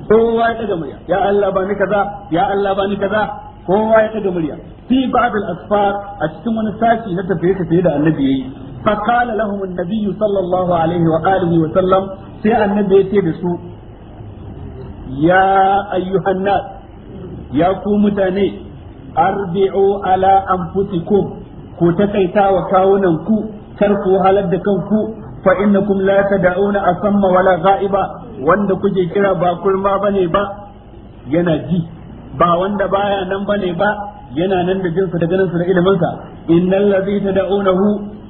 kowa ya ɗaga murya ya Allah ba ni kaza ya Allah ba ni kaza kowa ya ɗaga murya fi ba'd al-asfar a cikin wani sashi na tafiye tafiye da annabi yayi fa qala lahum an-nabiy sallallahu alaihi wa alihi wa sallam sai annabi ya ce da su ya ayyuhan nas ya ku mutane arbi'u ala anfusikum ku takaita wa kawunan ku kar ku halar da kanku fa innakum la tad'una asamma wala ghaiba wanda kuke kira ba kurma bane ba yana ji ba wanda baya nan bane ba yana nan da jinsa da sa da iliminsa innal ladhi tad'unahu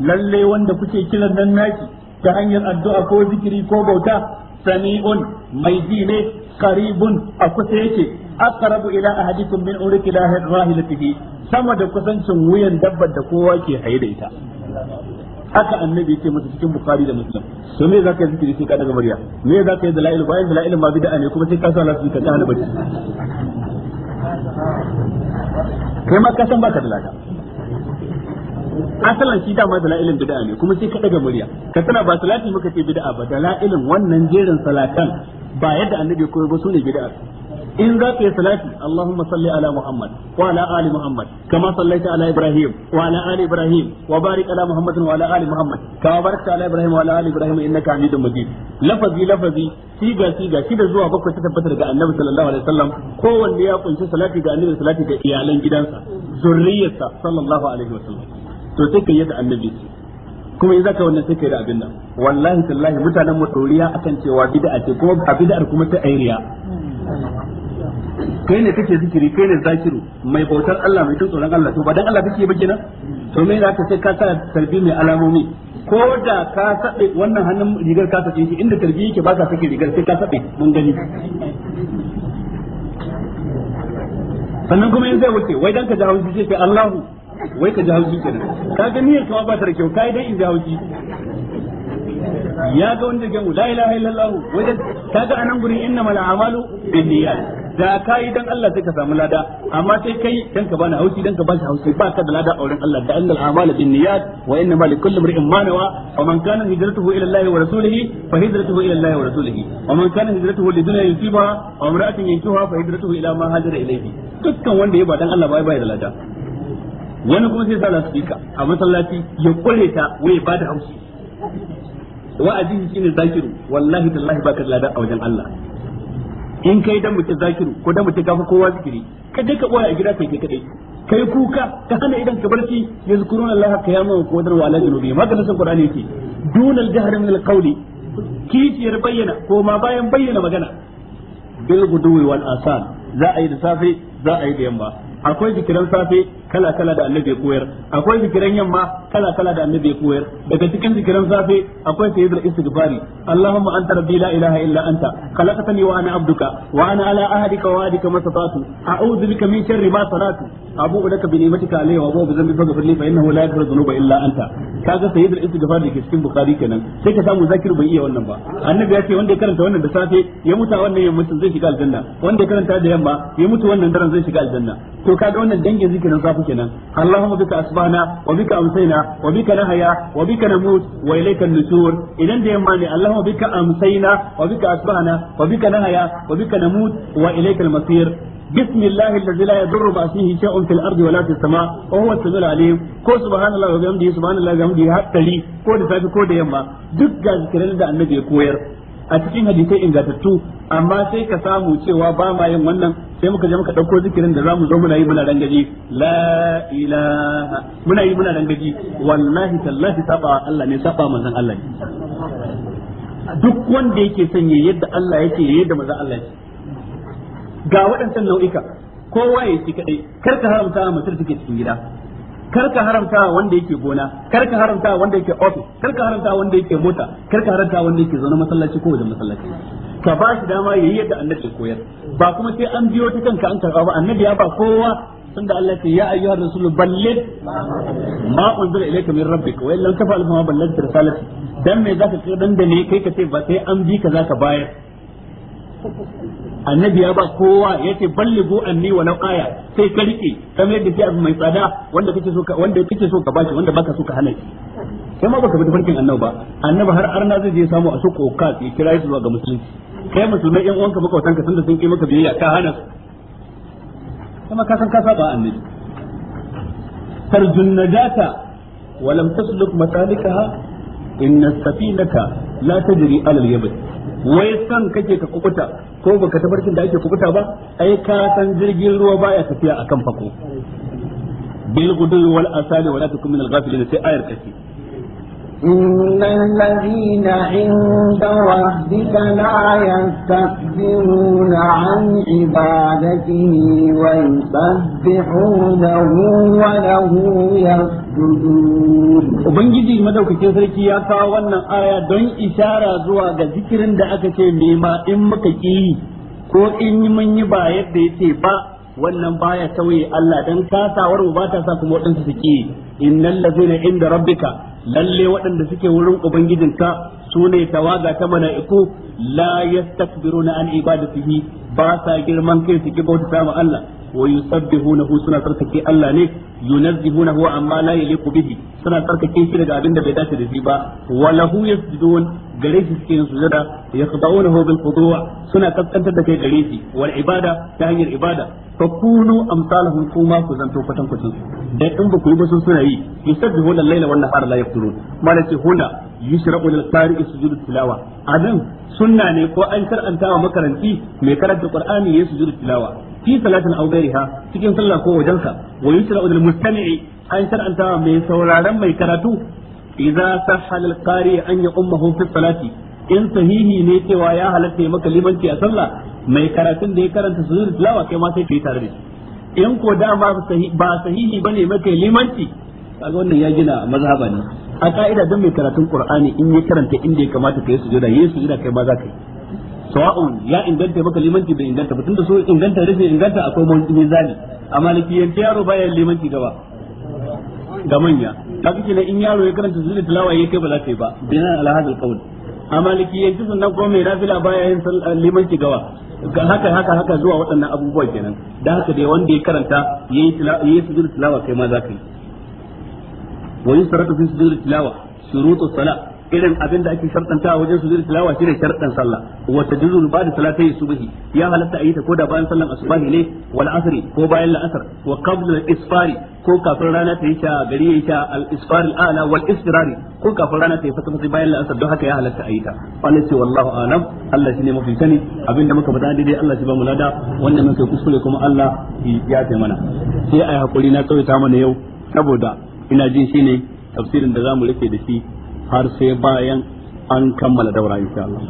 lalle wanda kuke kiran nan naki ta hanyar addu'a ko zikiri ko bauta sami'un mai ji ne qaribun a kusa yake aqrabu ila ahadikum min urqi rahilatihi sama da kusancin wuyan dabbar da kowa ke haidaita. haka annabi yake masa cikin bukhari da muslim to me zaka yi zikiri sai ka daga murya me zaka yi dalail bayan dalail ma bid'a ne kuma sai ka sa lafi ka kana bacci kai ma ka san baka da lada asalan shi dama dalailin bid'a ne kuma sai ka daga murya ka tana ba salati muka ce bid'a ba dalailin wannan jerin salatan ba yadda annabi koyo ba sune bid'a in za ka yi salati Allahumma salli ala Muhammad wa ala ali Muhammad kama sallaita ala Ibrahim wa ala ali Ibrahim wa barik ala Muhammad wa ala ali Muhammad kama barakta ala Ibrahim wa ala ali Ibrahim innaka Hamidum Majid lafazi lafazi siga siga shida zuwa bakwai ta tabbata daga Annabi sallallahu alaihi wasallam kowanne ya kunshi salati ga Annabi salati ga iyalan gidansa zurriyarsa sallallahu alaihi wasallam to sai kai yadda Annabi kuma in zaka wannan sai kai da abin nan wallahi tallahi mutanen mu akan cewa bid'a ce kuma a bid'ar kuma ta ayriya kai ne kake zikiri kai ne zakiru mai bautar Allah mai tsoron Allah to ba dan Allah kake ba kenan to me za ka sai ka sa tarbi mai alamomi ko da ka sabe wannan hannun rigar ka sabe shi inda tarbi yake ba ka sake rigar sai ka sabe mun gani sannan kuma in zai wuce wai dan ka ji haushi sai Allahu wai ka ji haushi kenan ka ga niyyar ka ba ta da kyau kai dai in ji haushi ya ga wanda ke la ilaha illallah wai ga anan gurin innamal a'malu binniyat da ka yi dan Allah sai ka samu lada amma sai kai dan ka bani haushi dan ka bashi haushi ba ka da lada a wurin Allah da annal a'malu bin niyyat wa inna ma likulli imrin ma nawa wa man kana hijratuhu ila Allah wa rasulih fa hijratuhu ila Allah wa rasulih wa man kana hijratuhu lidunya yusiba wa imra'atin yankiha fa hijratuhu ila ma hajara ilayhi dukkan wanda ya ba dan Allah ba ya da lada wani kuma sai sa lasfika a masallaci ya kure ta wai ba da haushi wa'azi shine zakiru wallahi tallahi baka da lada a wajen Allah in kai dan mutum zakiru ko dan mutum kafa kowa zikiri ka dai ka boye a gida kai ke kadai kai kuka ka hana idan ka barci yazkuruna allaha qiyaman wa qudran wa ala junubi maka nasan qur'ani yake dunal jahr min alqawli kiciyar bayyana ko ma bayan bayyana magana bil guduwi wal asal za a yi da safe za a yi da yamma akwai zikiran safe kala kala da annabi ya koyar akwai zikiran yamma kala kala da annabi ya koyar daga cikin zikiran safe akwai sayyidul istighfari allahumma anta rabbi la ilaha illa anta khalaqtani wa ana abduka wa ana ala ahdika wa adika masatatu a'udhu bika min sharri ma sanatu abu laka bi ni'matika alayhi wa abu bi dhanbi faghfir li fa innahu la yaghfiru dhunuba illa anta kaga sayyidul istighfar da ke cikin bukhari kenan sai ka samu zakir bai iya wannan ba annabi ya ce wanda ya karanta wannan da safe ya mutu wannan ya mutu zai shiga aljanna wanda ya karanta da yamma ya mutu wannan daren zai shiga aljanna to kaga wannan dangin zikirin safe uku kenan Allahumma bika asbana wa bika amsayna wa bika nahaya wa bika namut wa ilayka an-nushur idan da yamma ne Allahumma bika amsayna wa bika asbana wa bika nahaya wa bika namut wa ilayka al-masir بسم الله الذي لا يضر بأسه شيء في الأرض ولا في السماء وهو السميع العليم كو سبحان الله وبحمده سبحان الله وبحمده حتى لي كو da safi ko da yamma duk ga zikirin da annabi ya koyar a cikin hadisai ingantattu amma sai ka samu cewa ba ma yin wannan sai muka je muka dauko zikirin da zamu zo muna yi muna rangaji la ilaha muna yi muna rangaji wallahi tallahi saba Allah ne saba manzon Allah ne duk wanda yake sanye yadda Allah yake ya yadda manzon Allah yake ga waɗansan nau'ika kowa ya ci kadai kar ka haramta mutum take cikin gida kar ka haramta wanda yake gona kar ka haramta wanda yake ofis kar ka haramta wanda yake mota kar ka haramta wanda yake zaune masallaci ko wajen masallaci ka ba shi dama yayi yadda annabi koyar ba kuma sai an biyo ta kanka an karba ba annabi ya ba kowa tunda Allah ce ya ayyuha rasul balligh ma unzila ilayka min rabbika wa illam tafal ma ballagta risalati dan me zaka dan da ne kai ka ce ba sai an bi ka zaka bayar annabi ya ba kowa yace ballighu anni walau aya sai ka rike kamar yadda shi abu mai tsada wanda kake so ka wanda kake so ka bashi wanda baka so ka hana shi kai ma baka bi farkin annabi ba annabi har arna zai je samu a su kokas ya kira shi zuwa ga musulunci kai musulmai yan uwanka makautanka sun da sun kai maka biyayya ka hana su kuma ka san ka saba annabi tarjun najata ولم تسلك مسالكها إن السفينة لا تجري على اليبس wai san kake ka kukuta ko baka tabarkin da ake kukuta ba ai ka san jirgin ruwa baya tafiya akan fako bil gudul wal asali wala takum min al ghafilin sai ayar kace إن الذين عند ربك لا يستكبرون عن عبادته ويسبحونه وله يسجدون Ubangiji madaukakin sarki ya kawo wannan aya don ishara zuwa ga zikirin da aka ce nema in muka ƙi ko in mun yi ba yadda yace ba wannan baya tauye Allah dan kasawar mu ba ta sa kuma waɗansu su ƙi innal ladzina inda rabbika lalle waɗanda suke wurin ubangijinka su ne tawaga ta mala'iku la yastakbiruna an ibadatihi ba sa girman kai su ki bauta ma Allah wa yusabbihunahu suna tsarkake Allah ne yunazzihunahu amma la yaliqu bihi suna sarkake shi daga abin da bai dace da shi ba wa lahu yasjudun gare shi cikin sujada yakhda'unahu bil khudu' suna kaskantar da kai gare shi wal ibada ta hanyar ibada fa kunu amsalahum kuma ku zanto kwatan kwatan da in ba ku yi ba sun suna yi yusabbihuna al-laila wan nahara la yaqulun malaka huna yushra'u lil qari'i sujudu tilawa anan sunna ne ko an karanta wa makaranti mai karanta qur'ani yayin sujudu tilawa fi salatin aw ghairiha cikin sallah ko wajensa wa yusra lil mustami'i an wa mai sauraron mai karatu idza sahhala al qari an ya'ummuhu fi salati in sahihi ne cewa ya halatta maka limanci a sallah mai karatun da ya karanta sujudu tilawa kai ma sai ka yi tare da in ko da ba sahihi ba bane maka limanci kaga wannan ya gina mazhaba ne a ka'ida don mai karatun qur'ani in ya karanta inda ya kamata ka yi sujuda yesu ina kai ma za ka yi sawa'un ya inganta maka limanci bai inganta ba tunda so inganta rufe inganta akwai mizani a malikiyance yaro baya limanci gaba ga manya ka kike na in yaro ya karanta sujuda tilawa ya kai ba za ka yi ba binan alhazal qaul a malikiyance sun kuma mai nafila baya yin limanci gawa haka haka haka zuwa waɗannan abubuwa kenan da haka dai wanda ya karanta yayi tilawa kai ma za ka yi wa yusratu fi sujudi tilawa shurutu sala irin abin da ake shartanta wajen sujud tilawa shine shartan sallah wa tajuzul salata salati subhi ya halatta a ko ta koda bayan sallan asubahi ne wal asri ko bayan la'asar wa qabla al isfari ko kafin rana ta yi ta gari ya yi ta al isfar ala wal istirari ko kafin rana ta yi fata fata bayan la'asar don haka ya halatta a yi ta wannan ce wallahu alam Allah shine mafi sani abin da muka faɗa daidai Allah shi ba mu lada wanda muka kuskure kuma Allah ya taimana sai ai hakuri na ta mana yau saboda ina jin shi ne tafsirin da za mu rufe da shi har sai bayan an kammala daura insha Allah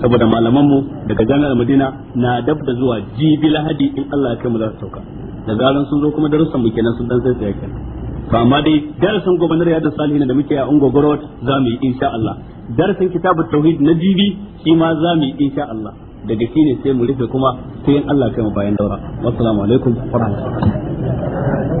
saboda malaman mu daga jami'ar Madina na dab da zuwa jibi lahadi in Allah ya kaimu za su sauka da garan sun zo kuma darussan mu kenan sun dan sai sai kenan to amma dai darasin gobe da salihu salihin da muke a ungogorot za mu yi insha Allah darasin kitabut tauhid na jibi shi ma za mu yi insha Allah daga shi ne sai mu rufe kuma sai in Allah ya kai mu bayan daura assalamu alaikum wa rahmatullahi